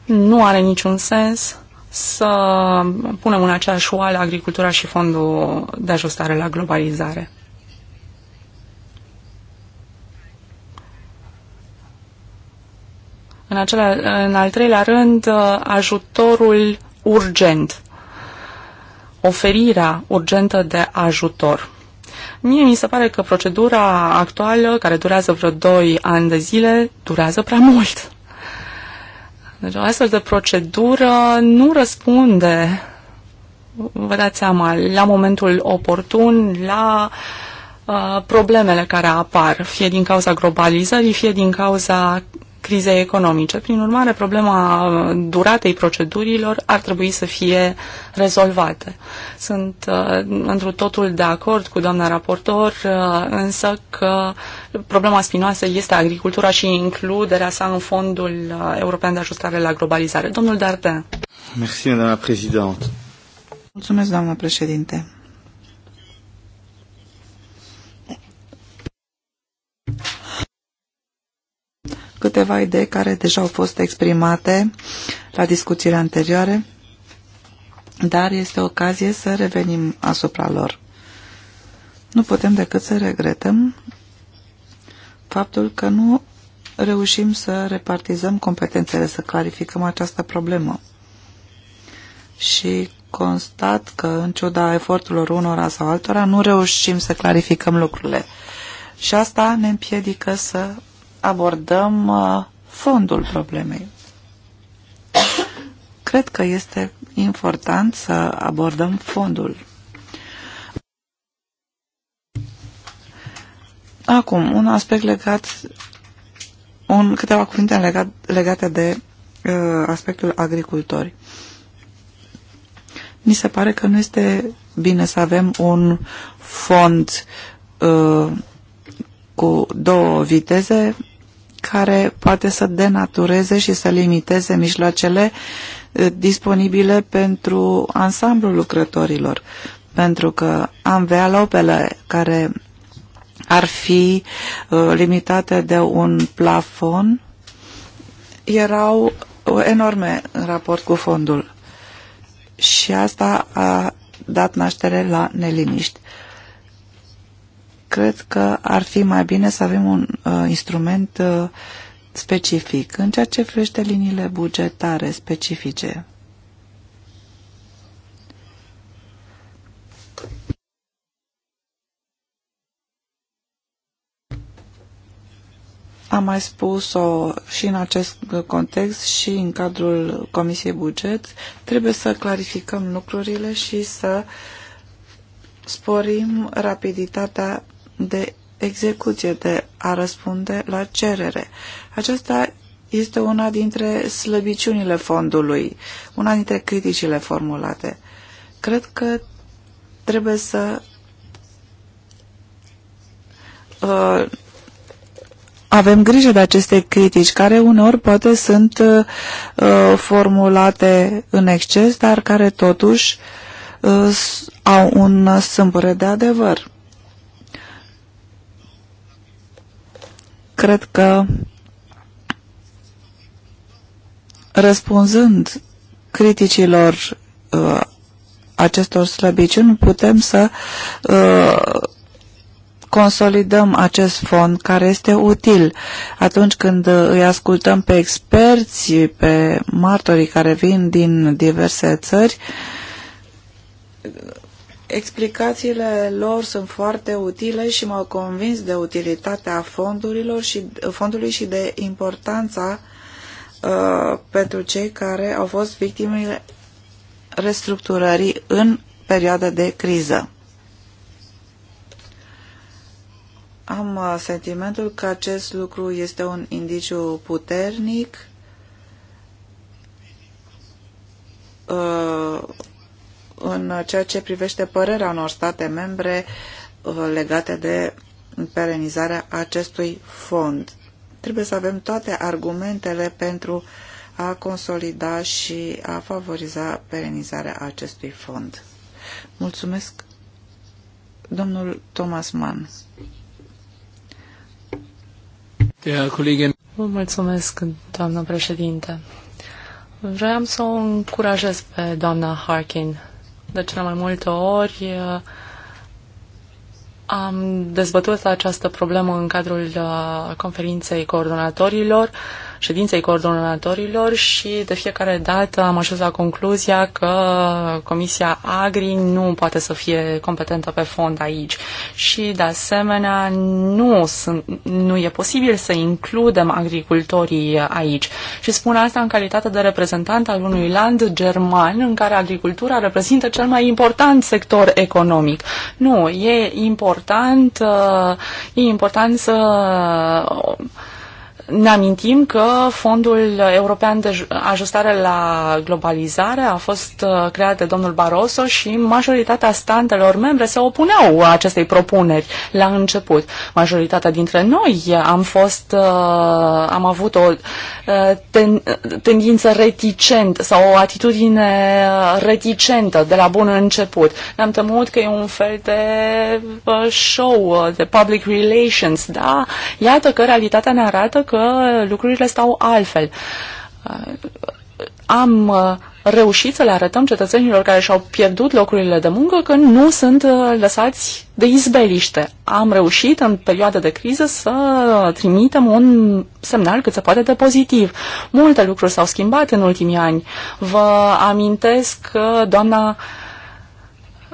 Nu are niciun sens să punem în aceeași oală agricultura și fondul de ajustare la globalizare. În, acela, în al treilea rând, uh, ajutorul urgent. Oferirea urgentă de ajutor. Mie mi se pare că procedura actuală, care durează vreo 2 ani de zile, durează prea mult. Deci o astfel de procedură nu răspunde, vă dați seama, la momentul oportun, la uh, problemele care apar, fie din cauza globalizării, fie din cauza crizei economice. Prin urmare, problema duratei procedurilor ar trebui să fie rezolvate. Sunt uh, într totul de acord cu doamna raportor, uh, însă că problema spinoasă este agricultura și includerea sa în Fondul uh, European de Ajustare la Globalizare. Domnul Dardin. Mulțumesc, doamna președinte. câteva idei care deja au fost exprimate la discuțiile anterioare, dar este ocazie să revenim asupra lor. Nu putem decât să regretăm faptul că nu reușim să repartizăm competențele, să clarificăm această problemă. Și constat că, în ciuda eforturilor unora sau altora, nu reușim să clarificăm lucrurile. Și asta ne împiedică să abordăm uh, fondul problemei. Cred că este important să abordăm fondul. Acum, un aspect legat, un, câteva cuvinte legat, legate de uh, aspectul agricultori. Mi se pare că nu este bine să avem un fond uh, cu două viteze, care poate să denatureze și să limiteze mijloacele eh, disponibile pentru ansamblul lucrătorilor. Pentru că amvealopele care ar fi eh, limitate de un plafon erau eh, enorme în raport cu fondul. Și asta a dat naștere la neliniști cred că ar fi mai bine să avem un uh, instrument uh, specific în ceea ce privește liniile bugetare specifice. Am mai spus-o și în acest context și în cadrul Comisiei Buget. Trebuie să clarificăm lucrurile și să sporim rapiditatea de execuție, de a răspunde la cerere. Aceasta este una dintre slăbiciunile fondului, una dintre criticile formulate. Cred că trebuie să uh, avem grijă de aceste critici, care uneori poate sunt uh, formulate în exces, dar care totuși uh, au un sâmbure de adevăr. Cred că răspunzând criticilor uh, acestor slăbiciuni, putem să uh, consolidăm acest fond care este util atunci când uh, îi ascultăm pe experți, pe martorii care vin din diverse țări, uh, Explicațiile lor sunt foarte utile și m-au convins de utilitatea fondurilor și, fondului și de importanța uh, pentru cei care au fost victimele restructurării în perioada de criză. Am uh, sentimentul că acest lucru este un indiciu puternic uh, în ceea ce privește părerea unor state membre uh, legate de perenizarea acestui fond. Trebuie să avem toate argumentele pentru a consolida și a favoriza perenizarea acestui fond. Mulțumesc, domnul Thomas Mann. Vă mulțumesc, doamnă președinte. Vreau să o încurajez pe doamna Harkin de cele mai multe ori uh, am dezbătut această problemă în cadrul uh, conferinței coordonatorilor ședinței coordonatorilor și de fiecare dată am ajuns la concluzia că Comisia Agri nu poate să fie competentă pe fond aici și de asemenea nu, sunt, nu e posibil să includem agricultorii aici. Și spun asta în calitate de reprezentant al unui land german în care agricultura reprezintă cel mai important sector economic. Nu, e important, uh, e important să ne amintim că Fondul European de Ajustare la Globalizare a fost uh, creat de domnul Barroso și majoritatea statelor membre se opuneau acestei propuneri la început. Majoritatea dintre noi am fost, uh, am avut o uh, tendință reticentă sau o atitudine reticentă de la bun început. Ne-am temut că e un fel de show, de public relations, da? Iată că realitatea ne arată că că lucrurile stau altfel. Am uh, reușit să le arătăm cetățenilor care și-au pierdut locurile de muncă că nu sunt uh, lăsați de izbeliște. Am reușit în perioada de criză să trimitem un semnal cât se poate de pozitiv. Multe lucruri s-au schimbat în ultimii ani. Vă amintesc că doamna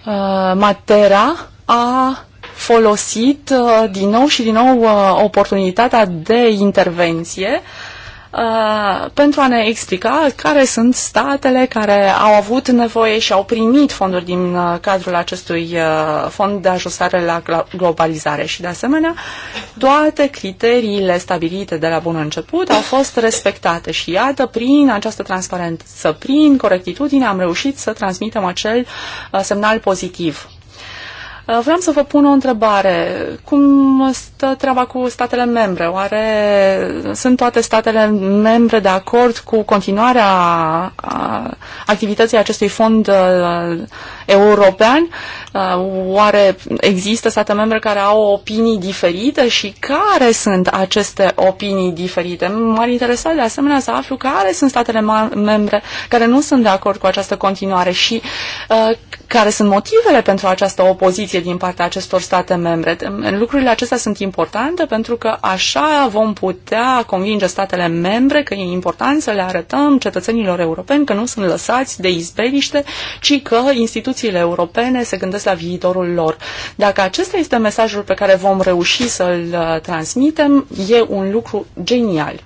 uh, Matera a folosit uh, din nou și din nou uh, oportunitatea de intervenție uh, pentru a ne explica care sunt statele care au avut nevoie și au primit fonduri din cadrul acestui fond de ajustare la globalizare și de asemenea toate criteriile stabilite de la bun început au fost respectate și iată prin această transparență, prin corectitudine am reușit să transmitem acel semnal pozitiv Uh, vreau să vă pun o întrebare. Cum stă treaba cu statele membre? Oare sunt toate statele membre de acord cu continuarea uh, activității acestui fond uh, european. Uh, oare există state membre care au opinii diferite și care sunt aceste opinii diferite? M-ar interesa de asemenea să aflu care sunt statele membre care nu sunt de acord cu această continuare și uh, care sunt motivele pentru această opoziție din partea acestor state membre. Lucrurile acestea sunt importante pentru că așa vom putea convinge statele membre că e important să le arătăm cetățenilor europeni că nu sunt lăsați de izbeliște, ci că instituții instituțiile europene se gândesc la viitorul lor. Dacă acesta este mesajul pe care vom reuși să-l uh, transmitem, e un lucru genial.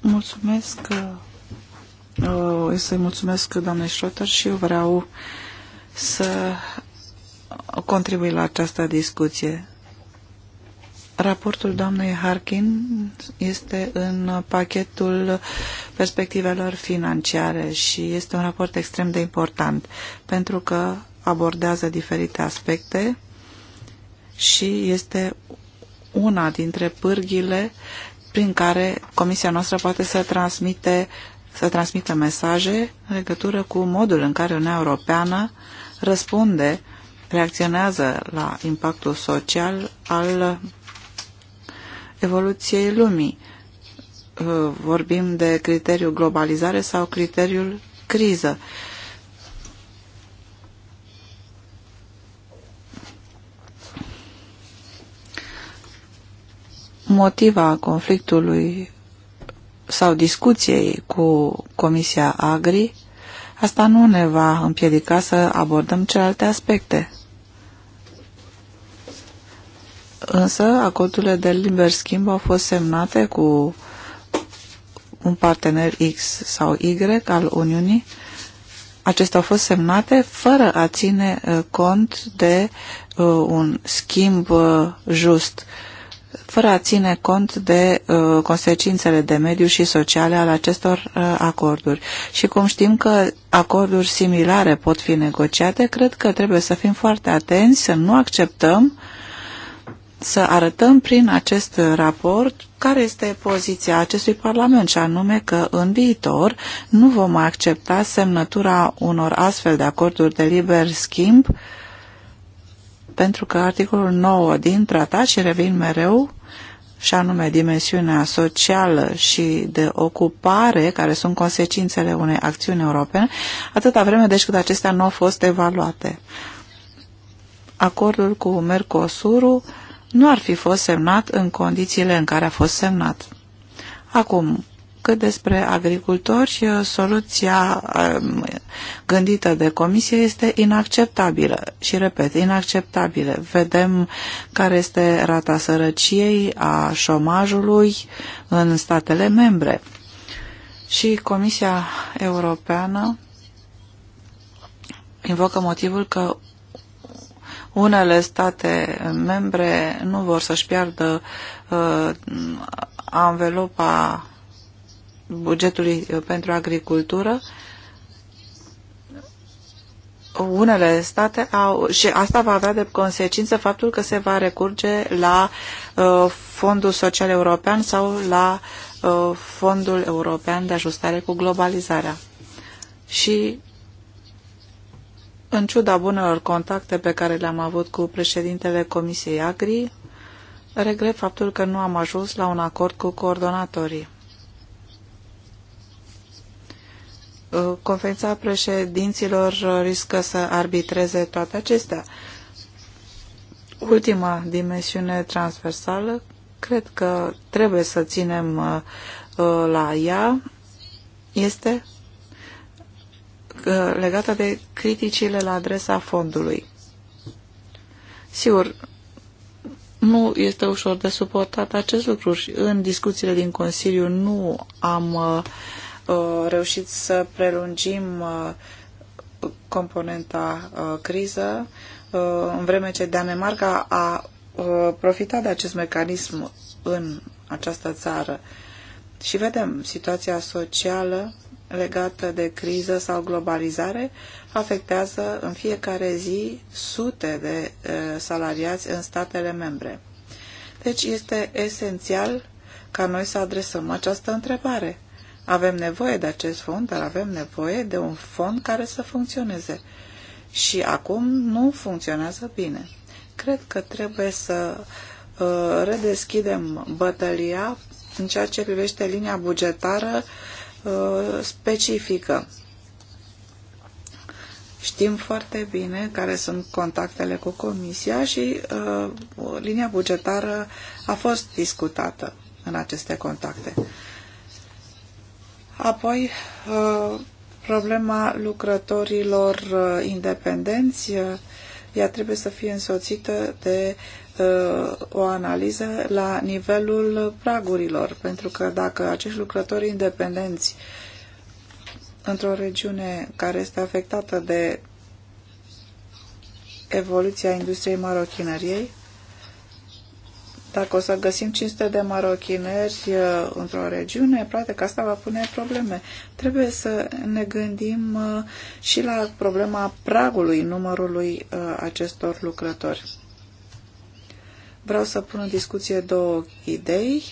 Mulțumesc, uh, uh, să-i mulțumesc doamnei Schroeter și eu vreau să contribui la această discuție. Raportul doamnei Harkin este în pachetul perspectivelor financiare și este un raport extrem de important pentru că abordează diferite aspecte și este una dintre pârghile prin care comisia noastră poate să transmite să transmită mesaje în legătură cu modul în care Uniunea Europeană răspunde, reacționează la impactul social al evoluției lumii. Uh, vorbim de criteriul globalizare sau criteriul criză. Motiva conflictului sau discuției cu Comisia Agri, asta nu ne va împiedica să abordăm celelalte aspecte. Însă, acordurile de liber schimb au fost semnate cu un partener X sau Y al Uniunii. Acestea au fost semnate fără a ține uh, cont de uh, un schimb uh, just, fără a ține cont de consecințele de mediu și sociale ale acestor acorduri. Și cum știm că acorduri similare pot fi negociate, cred că trebuie să fim foarte atenți, să nu acceptăm uh, să arătăm prin acest raport care este poziția acestui Parlament și anume că în viitor nu vom accepta semnătura unor astfel de acorduri de liber schimb pentru că articolul 9 din tratat și revin mereu și anume dimensiunea socială și de ocupare, care sunt consecințele unei acțiuni europene, atâta vreme deci cât acestea nu au fost evaluate. Acordul cu Mercosurul nu ar fi fost semnat în condițiile în care a fost semnat. Acum, cât despre agricultori, uh, soluția um, gândită de comisie este inacceptabilă. Și repet, inacceptabilă. Vedem care este rata sărăciei, a șomajului în statele membre. Și Comisia Europeană invocă motivul că unele state membre nu vor să-și piardă uh, anvelopa bugetului uh, pentru agricultură. Unele state au, și asta va avea de consecință faptul că se va recurge la uh, Fondul Social European sau la uh, Fondul European de Ajustare cu Globalizarea. Și în ciuda bunelor contacte pe care le-am avut cu președintele Comisiei Agri, regret faptul că nu am ajuns la un acord cu coordonatorii. Conferința președinților riscă să arbitreze toate acestea. Ultima dimensiune transversală, cred că trebuie să ținem uh, la ea, este Uh, legată de criticile la adresa fondului. Sigur, nu este ușor de suportat acest lucru și în discuțiile din Consiliu nu am uh, uh, reușit să prelungim uh, componenta uh, criză, uh, în vreme ce Danemarca a uh, profitat de acest mecanism în această țară. Și vedem, situația socială legată de criză sau globalizare afectează în fiecare zi sute de eh, salariați în statele membre. Deci este esențial ca noi să adresăm această întrebare. Avem nevoie de acest fond, dar avem nevoie de un fond care să funcționeze. Și acum nu funcționează bine. Cred că trebuie să uh, redeschidem bătălia în ceea ce privește linia bugetară Uh, specifică. Știm foarte bine care sunt contactele cu Comisia și uh, linia bugetară a fost discutată în aceste contacte. Apoi, uh, problema lucrătorilor uh, independenți, uh, ea trebuie să fie însoțită de o analiză la nivelul pragurilor, pentru că dacă acești lucrători independenți într-o regiune care este afectată de evoluția industriei marochinăriei, dacă o să găsim 500 de marochineri uh, într-o regiune, poate că asta va pune probleme. Trebuie să ne gândim uh, și la problema pragului numărului uh, acestor lucrători. Vreau să pun în discuție două idei.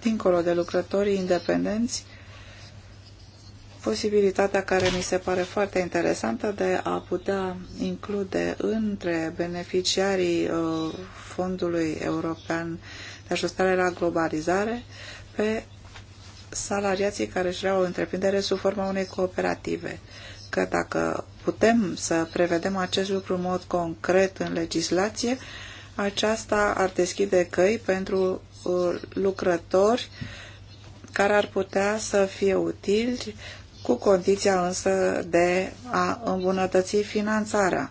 Dincolo de lucrătorii independenți, posibilitatea care mi se pare foarte interesantă de a putea include între beneficiarii uh, Fondului European de Ajustare la Globalizare pe salariații care își au o întreprindere sub forma unei cooperative că dacă putem să prevedem acest lucru în mod concret în legislație, aceasta ar deschide căi pentru uh, lucrători care ar putea să fie utili cu condiția însă de a îmbunătăți finanțarea.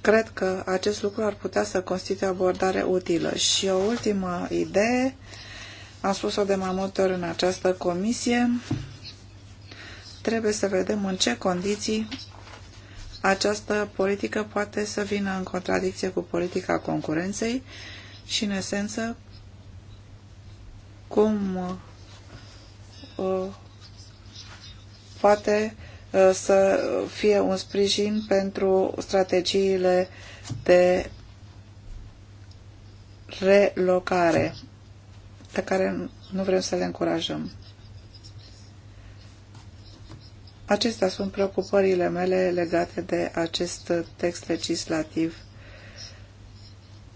Cred că acest lucru ar putea să constituie abordare utilă. Și o ultimă idee am spus-o de mai multe ori în această comisie. Trebuie să vedem în ce condiții această politică poate să vină în contradicție cu politica concurenței și, în esență, cum uh, poate uh, să fie un sprijin pentru strategiile de relocare pe care nu vrem să le încurajăm. Acestea sunt preocupările mele legate de acest text legislativ.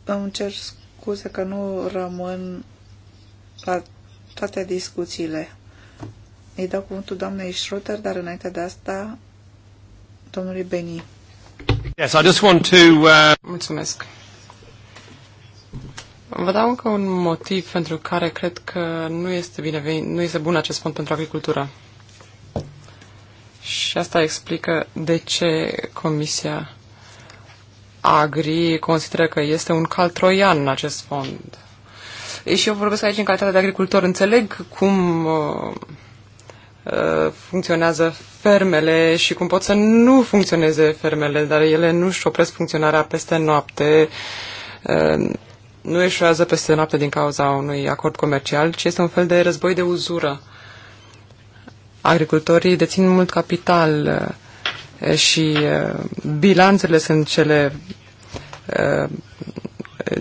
Îmi cer scuze că nu rămân la toate discuțiile. Îi dau cuvântul doamnei Schroeder, dar înainte de asta, domnului Beni. Yes, I just want to, uh... Mulțumesc. Vă dau încă un motiv pentru care cred că nu este, bine, nu este bun acest fond pentru agricultură. Și asta explică de ce Comisia Agri consideră că este un cal troian în acest fond. Și eu vorbesc aici în calitate de agricultor. Înțeleg cum uh, funcționează fermele și cum pot să nu funcționeze fermele, dar ele nu își opresc funcționarea peste noapte. Uh, nu eșuează peste noapte din cauza unui acord comercial, ci este un fel de război de uzură. Agricultorii dețin mult capital eh, și eh, bilanțele sunt cele eh,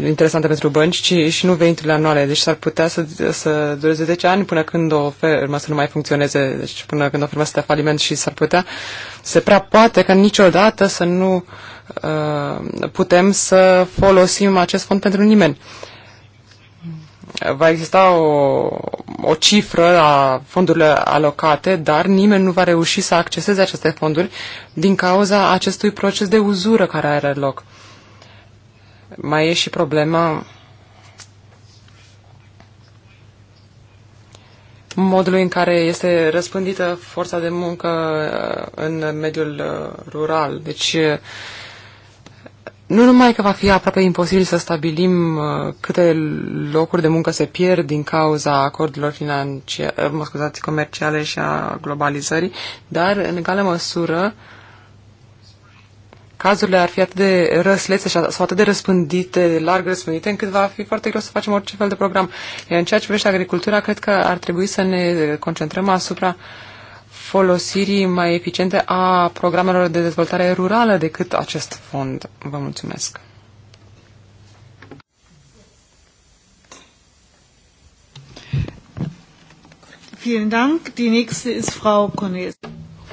interesante pentru bănci ci, și nu veniturile anuale. Deci s-ar putea să, să dureze 10 ani până când o firmă să nu mai funcționeze, deci până când o firmă să te faliment și s-ar putea, se prea poate ca niciodată să nu uh, Uh, putem să folosim acest fond pentru nimeni. Va exista o, o cifră a fondurilor alocate, dar nimeni nu va reuși să acceseze aceste fonduri din cauza acestui proces de uzură care are loc. Mai e și problema modului în care este răspândită forța de muncă uh, în mediul uh, rural. Deci nu numai că va fi aproape imposibil să stabilim uh, câte locuri de muncă se pierd din cauza acordurilor financiare, uh, mă scuzați, comerciale și a globalizării, dar în egală măsură cazurile ar fi atât de răslețe sau atât de răspândite, larg răspândite, încât va fi foarte greu să facem orice fel de program. Iar în ceea ce privește agricultura, cred că ar trebui să ne concentrăm asupra uh, folosirii mai eficiente a programelor de dezvoltare rurală decât acest fond. Vă mulțumesc. Vielen Dank. Die nächste ist Frau Cornelis.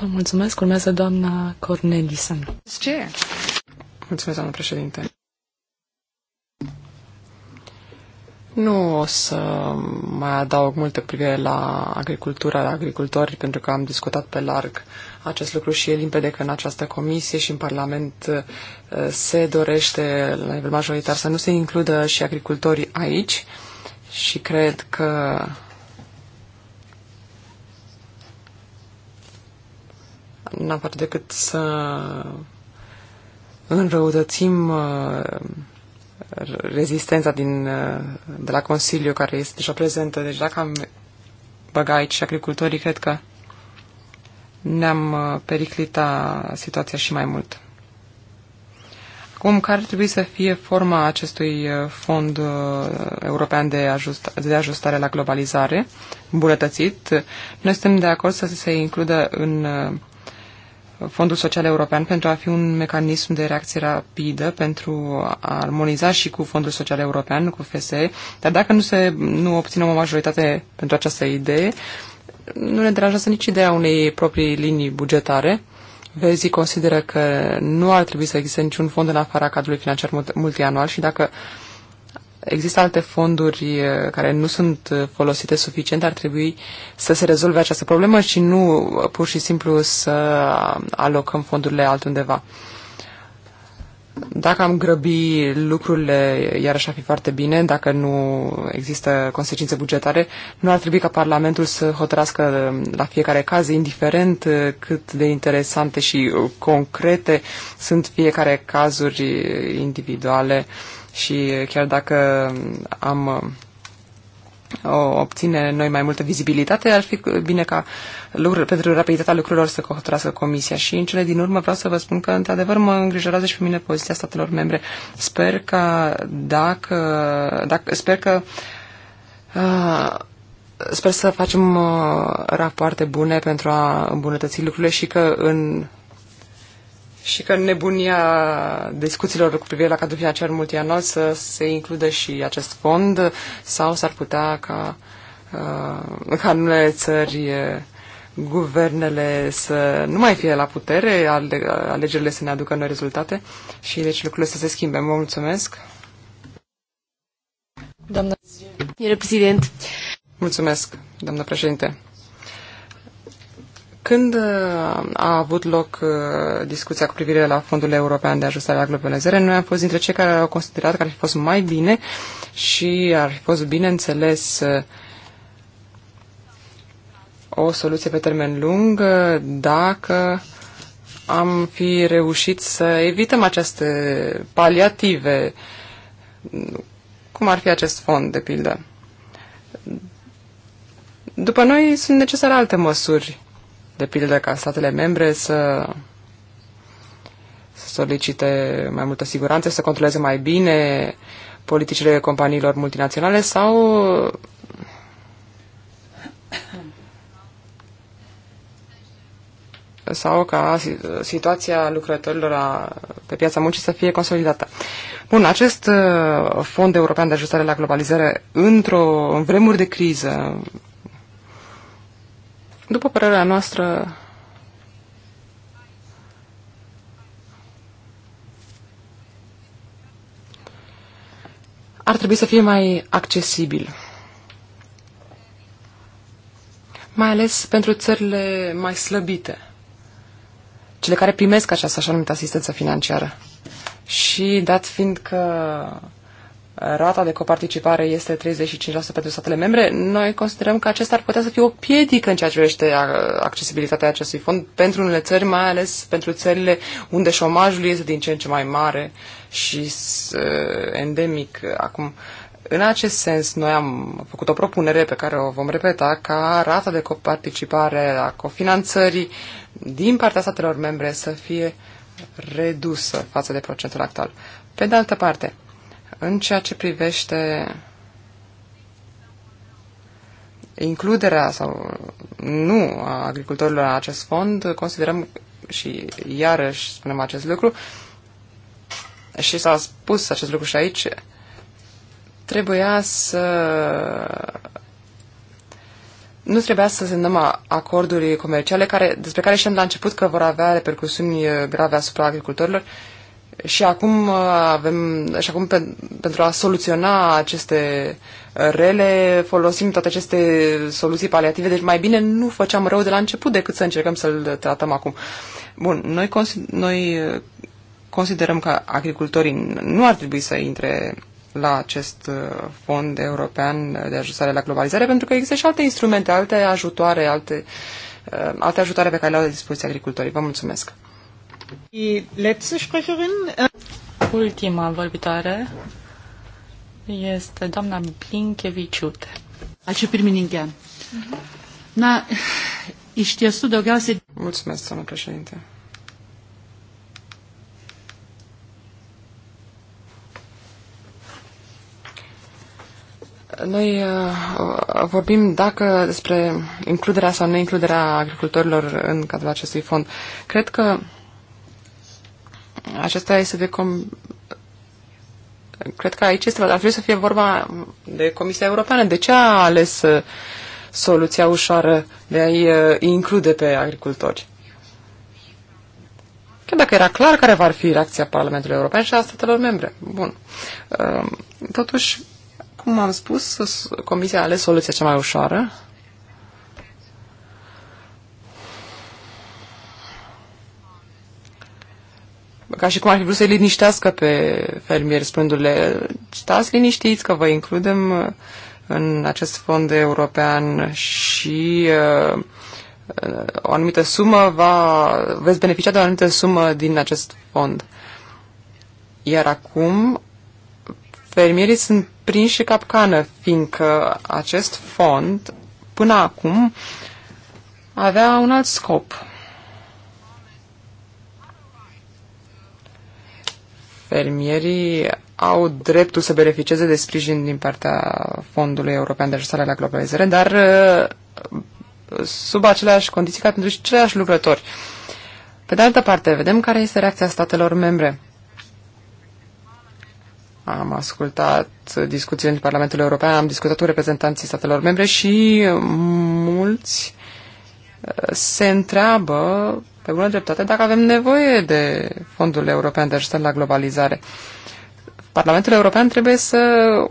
Vă mulțumesc. Urmează doamna Cornelison. Mulțumesc, doamnă președinte. Nu o să mai adaug multe privire la agricultura, la agricultori, pentru că am discutat pe larg acest lucru și e limpede că în această comisie și în Parlament uh, se dorește, la nivel majoritar, să nu se includă și agricultorii aici și cred că n-am decât să înrăutățim uh, rezistența din, uh, de la Consiliu care este deja prezentă. Deci dacă am băga aici și agricultorii, cred că ne-am uh, periclita situația și mai mult. Acum, care ar trebui să fie forma acestui uh, fond european de, ajusta, de ajustare la globalizare, îmbunătățit? Noi suntem de acord să se includă în Fondul Social European pentru a fi un mecanism de reacție rapidă pentru a armoniza și cu Fondul Social European, cu FSE, dar dacă nu, se, nu obținem o majoritate pentru această idee, nu ne deranjează nici ideea unei proprii linii bugetare. Vezi consideră că nu ar trebui să existe niciun fond în afara cadrului financiar multianual și dacă uh, există alte fonduri eh, care nu sunt eh, folosite suficient, ar trebui să se rezolve această problemă și nu eh, pur și simplu să alocăm fondurile altundeva. Dacă am grăbi lucrurile, iar așa fi foarte bine, dacă nu există consecințe bugetare, nu ar trebui ca Parlamentul să hotărască la fiecare caz, indiferent cât de interesante și concrete sunt fiecare cazuri individuale uh, și chiar dacă am o obține noi mai multă vizibilitate, ar fi bine ca lucruri, pentru rapiditatea lucrurilor să hotărască Comisia. Și în cele din urmă vreau să vă spun că, într-adevăr, mă îngrijorează și pe mine poziția statelor membre. Sper că dacă, dacă sper că uh, sper să facem uh, rapoarte bune pentru a îmbunătăți lucrurile și că în și că nebunia discuțiilor cu privire la cadrul financiar multianual să se includă și acest fond sau s-ar putea ca, uh, ca în unele țări uh, guvernele să nu mai fie la putere, ale alegerile să ne aducă noi rezultate și deci lucrurile să se schimbe. Vă mulțumesc. Doamna președinte. Mulțumesc, doamnă președinte. Când uh, a avut loc uh, discuția cu privire la Fondul European de Ajustare la Globalizare, noi am fost dintre cei care au considerat că ar fi fost mai bine și ar fi fost, bineînțeles, uh, o soluție pe termen lung dacă am fi reușit să evităm aceste paliative, cum ar fi acest fond, de pildă. După noi sunt necesare alte măsuri de pildă ca statele membre să, să solicite mai multă siguranță, să controleze mai bine politicile companiilor multinaționale sau sau ca situația lucrătorilor a, pe piața muncii să fie consolidată. Bun, acest uh, fond european de ajustare la globalizare, într-o, în vremuri de criză, după părerea noastră, ar trebui să fie mai accesibil. Mai ales pentru țările mai slăbite, cele care primesc această așa numită asistență financiară. Și dat fiind că rata de coparticipare este 35% pentru statele membre, noi considerăm că acesta ar putea să fie o piedică în ceea ce privește accesibilitatea acestui fond pentru unele țări, mai ales pentru țările unde șomajul este din ce în ce mai mare și uh, endemic. Acum, în acest sens, noi am făcut o propunere pe care o vom repeta ca rata de coparticipare a cofinanțării din partea statelor membre să fie redusă față de procentul actual. Pe de altă parte, în ceea ce privește includerea sau nu a agricultorilor în acest fond, considerăm și iarăși spunem acest lucru și s-a spus acest lucru și aici, trebuia să nu trebuia să semnăm acorduri comerciale care, despre care știam la început că vor avea repercusiuni grave asupra agricultorilor și acum uh, avem, și acum pe, pentru a soluționa aceste uh, rele, folosim toate aceste soluții paliative, deci mai bine nu făceam rău de la început decât să încercăm să-l tratăm acum. Bun, noi, consider, noi uh, considerăm că agricultorii nu ar trebui să intre la acest fond european de ajustare la globalizare, pentru că există și alte instrumente, alte ajutoare, alte, alte ajutoare pe care le au de dispoziție agricultorii. Vă mulțumesc! Äh, Ultima vorbitoare este doamna Blinkeviciute. Ačiū pirmininkė. Na, iš tiesų daugiausiai. Mulțumesc, doamna președinte. Noi uh, vorbim dacă despre includerea sau neincluderea agricultorilor în cadrul acestui fond. Cred că acesta este de com... Cred că aici este, ar trebui să fie vorba de Comisia Europeană. De ce a ales uh, soluția ușoară de a-i uh, include pe agricultori? Chiar dacă era clar care va fi reacția Parlamentului European și a statelor membre. Bun. Um, totuși, cum am spus, Comisia a ales soluția cea mai ușoară, ca și cum ar fi vrut să-i liniștească pe fermieri, spunându-le, stați liniștiți că vă includem uh, în acest fond european și uh, o anumită sumă va, veți beneficia de o anumită sumă din acest fond. Iar acum fermierii sunt prinși capcană, fiindcă acest fond până acum avea un alt scop fermierii au dreptul să beneficieze de sprijin din partea Fondului European de Ajustare la Globalizare, dar uh, sub aceleași condiții ca pentru ceiași lucrători. Pe de altă parte, vedem care este reacția statelor membre. Am ascultat discuțiile în Parlamentul European, am discutat cu reprezentanții statelor membre și mulți uh, se întreabă pe bună dreptate dacă avem nevoie de Fondul European de Ajustare la Globalizare. Parlamentul European trebuie să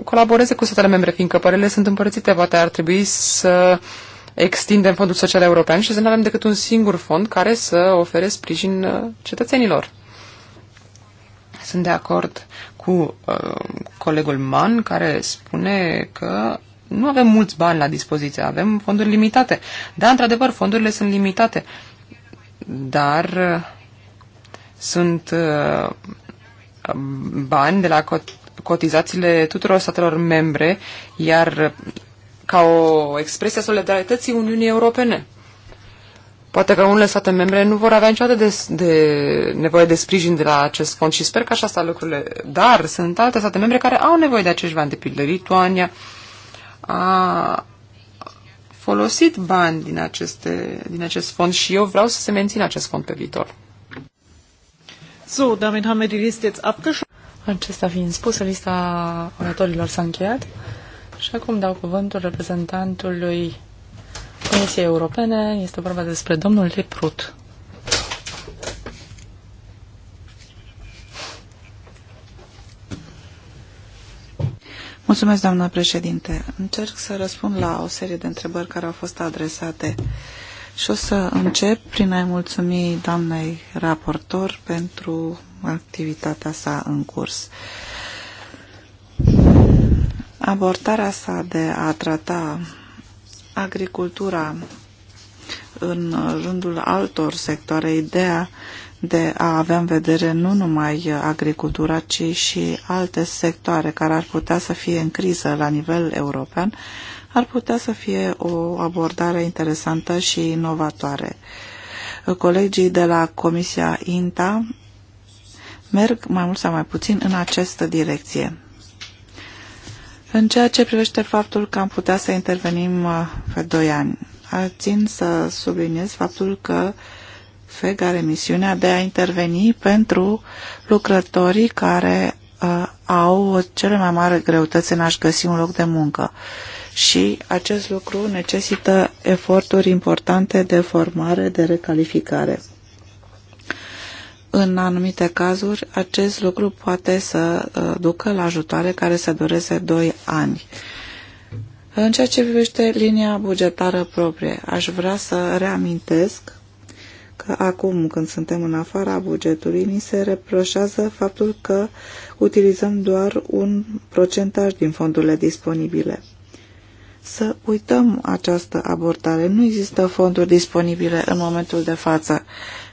colaboreze cu statele membre, fiindcă părerile sunt împărțite. Poate ar trebui să extindem Fondul Social European și să nu avem decât un singur fond care să ofere sprijin uh, cetățenilor. Sunt de acord cu uh, colegul Mann care spune că nu avem mulți bani la dispoziție, avem fonduri limitate. Da, într-adevăr, fondurile sunt limitate. Uh, dar uh, sunt uh, bani de la cotizațiile tuturor statelor membre, iar uh, ca o expresie a solidarității Uniunii Europene. Poate că unele state membre nu vor avea niciodată de, de nevoie de sprijin de la acest fond și sper că așa stau lucrurile. Dar sunt alte state membre care au nevoie de acești bani, de pildă Lituania, a, folosit bani din, aceste, din acest fond și eu vreau să se mențină acest fond pe viitor. So, damit haben wir die Liste jetzt abgeschlossen. Acesta fiind spus, lista oratorilor s-a încheiat și acum dau cuvântul reprezentantului Comisiei Europene. Este vorba despre domnul Leprut. Mulțumesc, doamnă președinte. Încerc să răspund la o serie de întrebări care au fost adresate și o să încep prin a-i mulțumi doamnei raportor pentru activitatea sa în curs. Abordarea sa de a trata agricultura în rândul altor sectoare, ideea de a avea în vedere nu numai agricultura, ci și alte sectoare care ar putea să fie în criză la nivel european, ar putea să fie o abordare interesantă și inovatoare. Colegii de la Comisia INTA merg mai mult sau mai puțin în această direcție. În ceea ce privește faptul că am putea să intervenim uh, pe doi ani, țin să subliniez faptul că uh, FEG are misiunea de a interveni pentru lucrătorii care uh, au cele mai mari greutăți în a-și găsi un loc de muncă. Și acest lucru necesită eforturi importante de formare, de recalificare. În anumite cazuri, acest lucru poate să uh, ducă la ajutoare care să dureze 2 ani. În ceea ce privește linia bugetară proprie, aș vrea să reamintesc că acum când suntem în afara bugetului, ni se reproșează faptul că utilizăm doar un procentaj din fondurile disponibile. Să uităm această abordare. Nu există fonduri disponibile în momentul de față.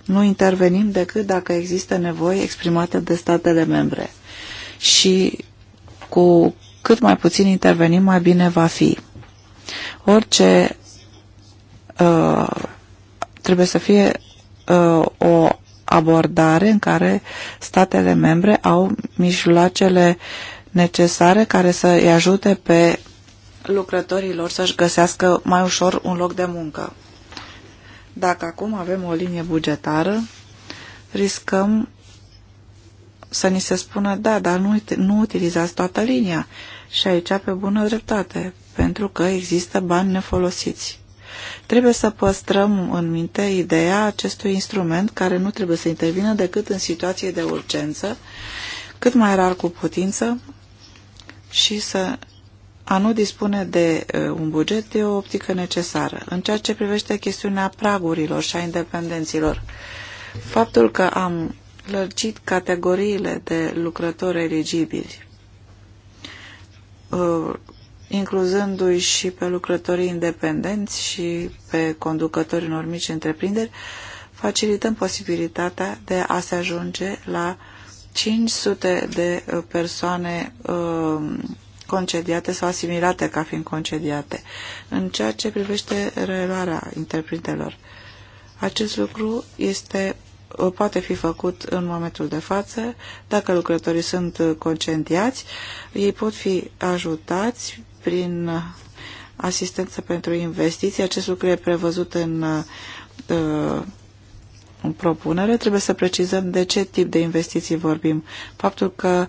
Nu intervenim decât dacă există nevoi exprimate de statele membre. Și cu cât mai puțin intervenim, mai bine va fi. Orice uh, trebuie să fie Uh, o abordare în care statele membre au mijloacele necesare care să îi ajute pe lucrătorilor să-și găsească mai ușor un loc de muncă. Dacă acum avem o linie bugetară, riscăm să ni se spună, da, dar nu, nu utilizați toată linia. Și aici pe bună dreptate, pentru că există bani nefolosiți. Trebuie să păstrăm în minte ideea acestui instrument care nu trebuie să intervină decât în situații de urgență, cât mai rar cu putință și să a nu dispune de un buget de o optică necesară. În ceea ce privește chestiunea pragurilor și a independenților, faptul că am lărgit categoriile de lucrători eligibili incluzându-i și pe lucrătorii independenți și pe conducătorii unor mici întreprinderi, facilităm posibilitatea de a se ajunge la 500 de uh, persoane uh, concediate sau asimilate ca fiind concediate, în ceea ce privește reluarea întreprinderilor. Acest lucru este uh, poate fi făcut în momentul de față. Dacă lucrătorii sunt concediați, ei pot fi ajutați prin asistență pentru investiții. Acest lucru e prevăzut în, uh, în propunere. Trebuie să precizăm de ce tip de investiții vorbim. Faptul că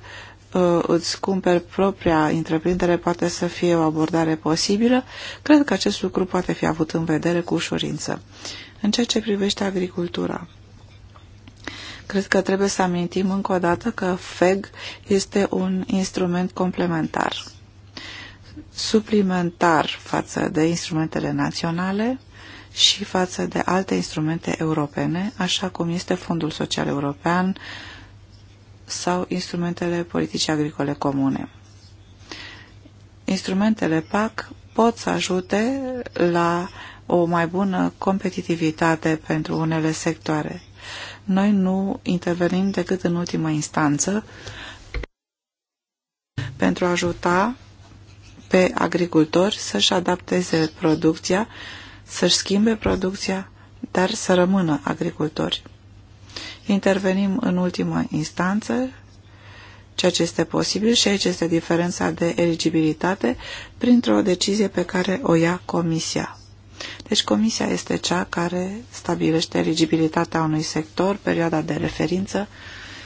uh, îți cumperi propria întreprindere poate să fie o abordare posibilă. Cred că acest lucru poate fi avut în vedere cu ușurință. În ceea ce privește agricultura, cred că trebuie să amintim încă o dată că FEG este un instrument complementar suplimentar față de instrumentele naționale și față de alte instrumente europene, așa cum este Fondul Social European sau instrumentele politice agricole comune. Instrumentele PAC pot să ajute la o mai bună competitivitate pentru unele sectoare. Noi nu intervenim decât în ultima instanță pentru a ajuta pe agricultori să-și adapteze producția, să-și schimbe producția, dar să rămână agricultori. Intervenim în ultima instanță, ceea ce este posibil și aici este diferența de eligibilitate printr-o decizie pe care o ia Comisia. Deci Comisia este cea care stabilește eligibilitatea unui sector, perioada de referință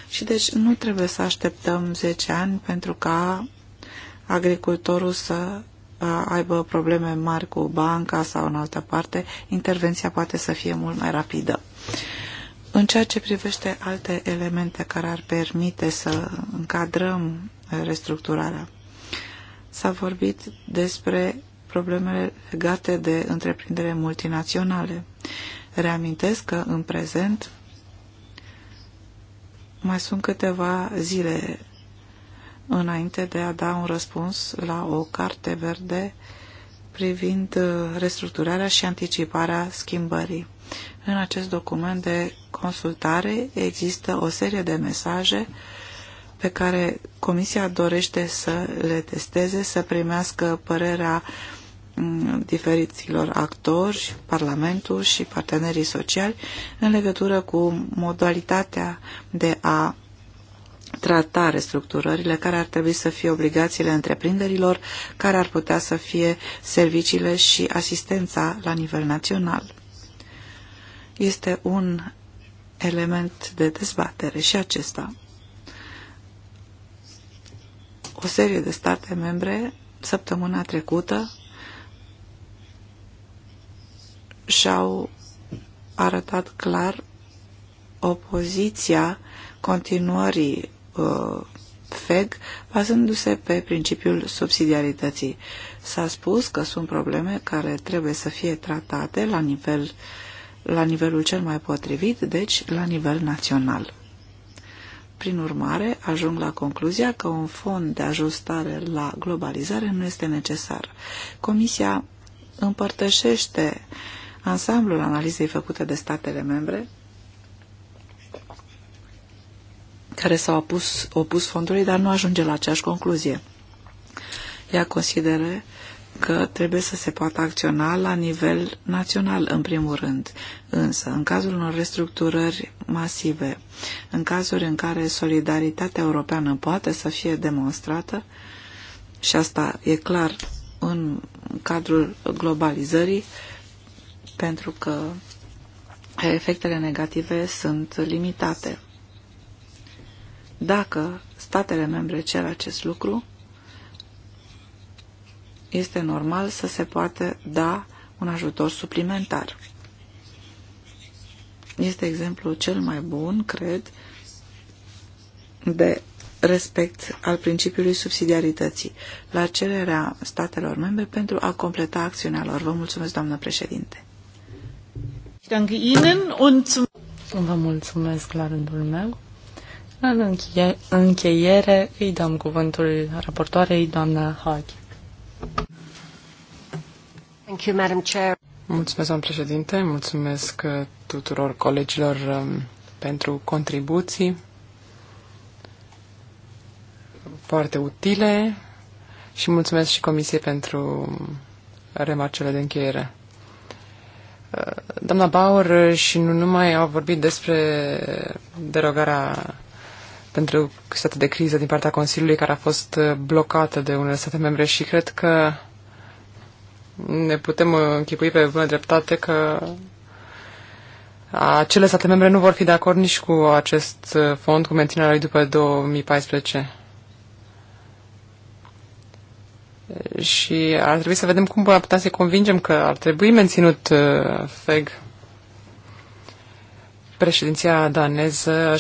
și deci nu trebuie să așteptăm 10 ani pentru ca agricultorul să aibă probleme mari cu banca sau în altă parte, intervenția poate să fie mult mai rapidă. În ceea ce privește alte elemente care ar permite să încadrăm restructurarea, s-a vorbit despre problemele legate de întreprindere multinaționale. Reamintesc că în prezent mai sunt câteva zile înainte de a da un răspuns la o carte verde privind uh, restructurarea și anticiparea schimbării. În acest document de consultare există o serie de mesaje pe care Comisia dorește să le testeze, să primească părerea mm, diferiților actori, Parlamentul și partenerii sociali în legătură cu modalitatea de a trata restructurările, care ar trebui să fie obligațiile întreprinderilor, care ar putea să fie serviciile și asistența la nivel național. Este un element de dezbatere și acesta. O serie de state membre săptămâna trecută și-au arătat clar opoziția continuării Uh, FEG, bazându-se pe principiul subsidiarității. S-a spus că sunt probleme care trebuie să fie tratate la, nivel, la nivelul cel mai potrivit, deci la nivel național. Prin urmare, ajung la concluzia că un fond de ajustare la globalizare nu este necesar. Comisia împărtășește ansamblul analizei făcute de statele membre care s-au opus, opus fondului, dar nu ajunge la aceeași concluzie. Ea consideră că trebuie să se poată acționa la nivel național, în primul rând. Însă, în cazul unor restructurări masive, în cazuri în care solidaritatea europeană poate să fie demonstrată, și asta e clar în cadrul globalizării, pentru că efectele negative sunt limitate. Dacă statele membre cer acest lucru, este normal să se poate da un ajutor suplimentar. Este exemplul cel mai bun, cred, de respect al principiului subsidiarității la cererea statelor membre pentru a completa acțiunea lor. Vă mulțumesc, doamnă președinte. Vă mulțumesc la rândul meu. În încheie, încheiere îi dăm cuvântul raportoarei doamna Hagi. Thank you, Madam Chair. Mulțumesc, doamnă președinte, mulțumesc uh, tuturor colegilor um, pentru contribuții foarte utile și mulțumesc și Comisiei pentru remarcele de încheiere. Uh, doamna Bauer și nu numai au vorbit despre derogarea pentru stată de criză din partea Consiliului care a fost uh, blocată de unele state membre și cred că ne putem uh, închipui pe bună dreptate că acele state membre nu vor fi de acord nici cu acest uh, fond, cu menținerea lui după 2014. Și ar trebui să vedem cum putem putea să-i convingem că ar trebui menținut FEG. Președinția daneză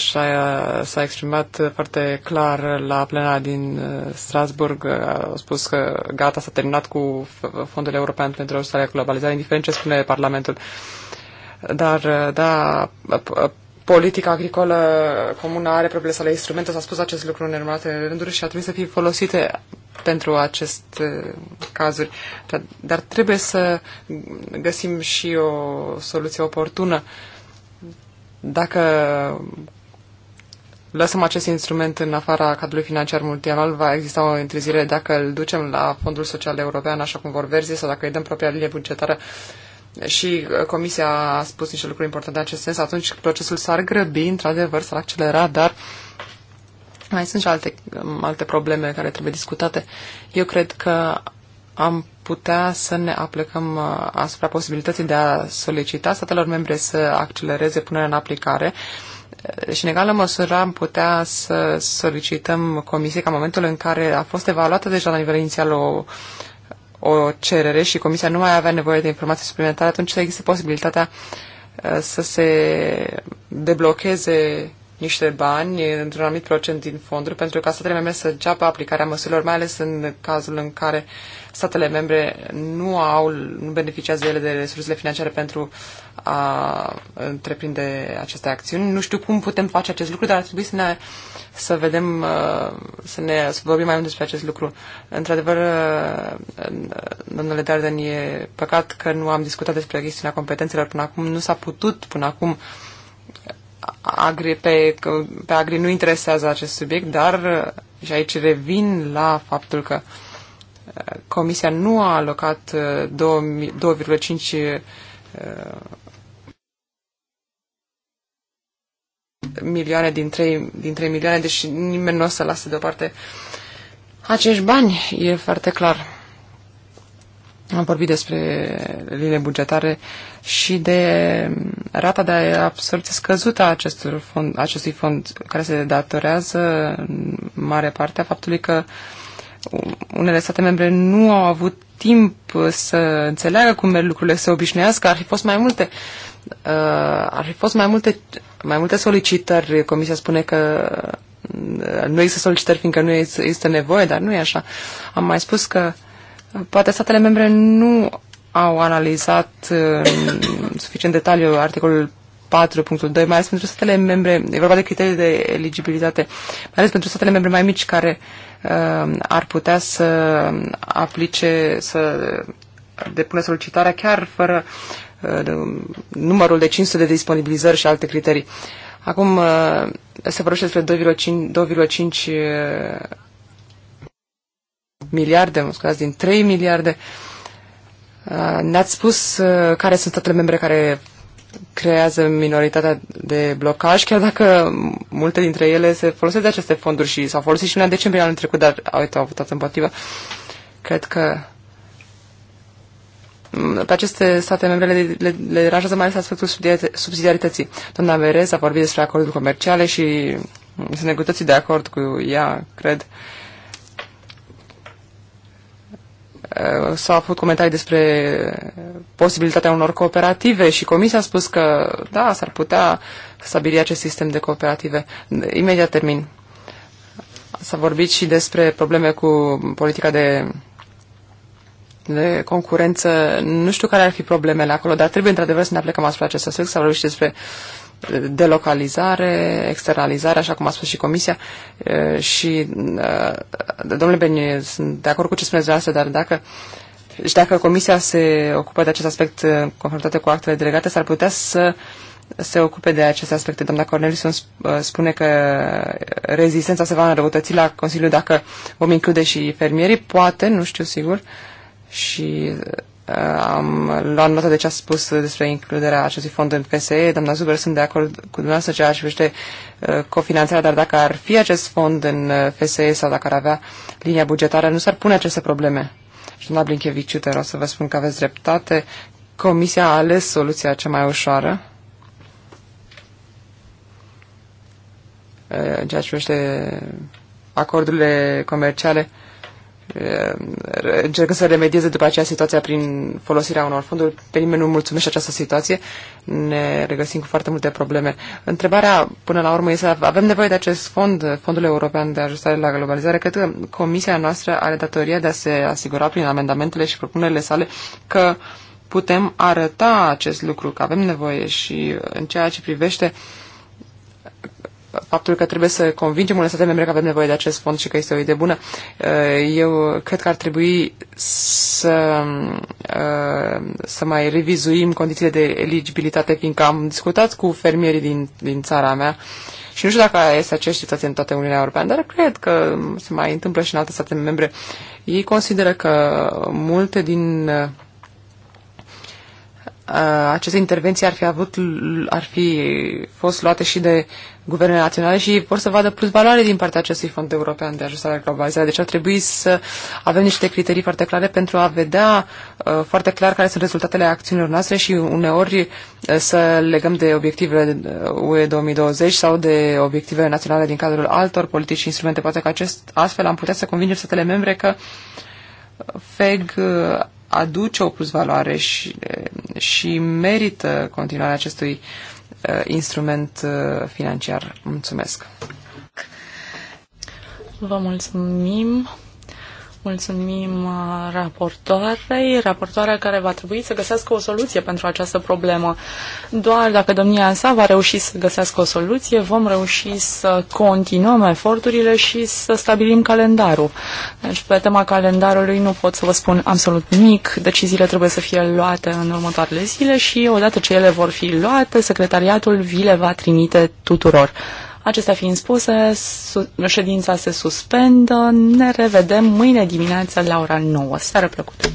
s-a exprimat foarte clar la plena din uh, Strasburg. A spus că gata, s-a terminat cu fondul european pentru ajustarea globalizare, indiferent ce spune Parlamentul. Dar, uh, da, politica agricolă comună are propriile sale instrumente, s-a spus acest lucru în urmărate rânduri și a trebuit să fie folosite pentru aceste uh, cazuri. Dar, dar trebuie să găsim și o soluție oportună uh, dacă lăsăm acest instrument în afara cadrului financiar multianual, va exista o întrezire dacă îl ducem la Fondul Social European, așa cum vor verzi, sau dacă îi dăm propria linie bugetară și Comisia a spus niște lucruri importante în acest sens, atunci procesul s-ar grăbi, într-adevăr, s-ar accelera, dar mai sunt și alte, alte probleme care trebuie discutate. Eu cred că am putea să ne aplicăm uh, asupra posibilității de a solicita statelor membre să accelereze punerea în aplicare uh, și în egală măsură am putea să solicităm comisiei ca în momentul în care a fost evaluată deja la nivel inițial o, o cerere și comisia nu mai avea nevoie de informații suplimentare, atunci există posibilitatea uh, să se deblocheze niște bani într-un anumit procent din fonduri pentru ca statele membre să înceapă aplicarea măsurilor, mai ales în cazul în care uh, statele membre nu au, nu beneficiază ele de resursele financiare pentru a întreprinde aceste acțiuni. Nu știu cum putem face acest lucru, dar ar trebui să ne să vedem, uh, să ne să vorbim mai mult despre acest lucru. Într-adevăr, uh, domnule Darden, e păcat că nu am discutat despre chestiunea competențelor până acum. Nu s-a putut până acum agri, pe, pe agri nu interesează acest subiect, dar uh, și aici revin la faptul că uh, Comisia nu a alocat 2,5 uh, uh, milioane din 3, din 3 milioane, deci nimeni nu o să lasă deoparte acești bani, e foarte clar. Am vorbit despre linie bugetare și de rata de absorție scăzută a acestui fond, acestui fond, care se datorează în mare parte a faptului că uh, unele state membre nu au avut timp să înțeleagă cum merg lucrurile, să obișnuiască, ar fi fost mai multe uh, ar fi fost mai multe, mai multe solicitări. Comisia spune că uh, nu există solicitări fiindcă nu există nevoie, dar nu e așa. Am mai spus că uh, poate statele membre nu au analizat uh, în suficient detaliu articolul 4.2, mai ales pentru statele membre, e vorba de criterii de eligibilitate, mai ales pentru statele membre mai mici care uh, ar putea să aplice, să depună solicitarea chiar fără uh, numărul de 500 de disponibilizări și alte criterii. Acum uh, se vorbește despre 2,5 uh, miliarde, mă scuzați, din 3 miliarde. Uh, ne-ați spus uh, care sunt statele membre care creează minoritatea de blocaj, chiar dacă multe dintre ele se folosesc de aceste fonduri și s-au folosit și în decembrie anul trecut, dar uite, au votat împotrivă. Cred că pe aceste state membre le, le, le deranjează mai ales aspectul subsidiarității. Doamna Merez a vorbit despre acorduri comerciale și sunt negutății de acord cu ea, cred. Uh, Uh, s-au făcut comentarii despre uh, posibilitatea unor cooperative și comisia a spus că, da, s-ar putea stabili acest sistem de cooperative. Imediat termin. S-a vorbit și despre probleme cu politica de de concurență, nu știu care ar fi problemele acolo, dar trebuie într-adevăr să ne aplicăm asupra acest aspect, s-a vorbit și despre delocalizare, externalizare, așa cum a spus și Comisia, și domnule Beni, sunt de acord cu ce spuneți dumneavoastră, dar dacă și dacă Comisia se ocupă de acest aspect în conformitate cu actele delegate, s-ar putea să se ocupe de aceste aspecte. Doamna Cornelison spune că rezistența se va înrăutăți la Consiliu dacă vom include și fermierii, poate, nu știu sigur, și Uh, am luat notă de ce a spus despre includerea acestui fond în PSE. Doamna Zuber, sunt de acord cu dumneavoastră ceea ce privește uh, cofinanțarea, dar dacă ar fi acest fond în uh, PSE sau dacă ar avea linia bugetară, nu s-ar pune aceste probleme. Și doamna Blinkeviciu, te rog să vă spun că aveți dreptate. Comisia a ales soluția cea mai ușoară. Ceea ce privește acordurile comerciale, încercă să remedieze după aceea situația prin folosirea unor fonduri. Pe nimeni nu mulțumește această situație. Ne regăsim cu foarte multe probleme. Întrebarea, până la urmă, este avem nevoie de acest fond, Fondul European de Ajustare la Globalizare. Cred că Comisia noastră are datoria de a se asigura prin amendamentele și propunerile sale că putem arăta acest lucru, că avem nevoie și în ceea ce privește uh, faptul că trebuie să convingem unele state membre că avem nevoie de acest fond și că este o idee bună. Eh, eu cred că ar trebui să, eh, să mai revizuim condițiile de eligibilitate, fiindcă am discutat cu fermierii din, din țara mea și nu știu dacă este aceeași situație în toată Uniunea Europeană, dar cred că se mai întâmplă și în alte state membre. Ei consideră că multe din eh, aceste intervenții ar fi avut ar fi fost luate și de guvernele naționale și vor să vadă plus valoare din partea acestui fond european de ajustare la globalizare. Deci ar trebui să avem niște criterii foarte clare pentru a vedea uh, foarte clar care sunt rezultatele acțiunilor noastre și uneori uh, să legăm de obiectivele uh, UE 2020 sau de obiectivele naționale din cadrul altor politici și instrumente. Poate că acest, astfel am putea să convingem statele membre că FEG uh, aduce o plusvaloare și, uh, și merită continuarea acestui uh, Uh, instrument uh, financiar. Mulțumesc! Vă mulțumim! Mulțumim uh, raportoarei, raportoarea care va trebui să găsească o soluție pentru această problemă. Doar dacă domnia sa va reuși să găsească o soluție, vom reuși să continuăm eforturile și să stabilim calendarul. Deci pe tema calendarului nu pot să vă spun absolut nimic. Deciziile trebuie să fie luate în următoarele zile și odată ce ele vor fi luate, secretariatul vi le va trimite tuturor. Acestea fiind spuse, ședința se suspendă. Ne revedem mâine dimineața la ora 9. Seară plăcută!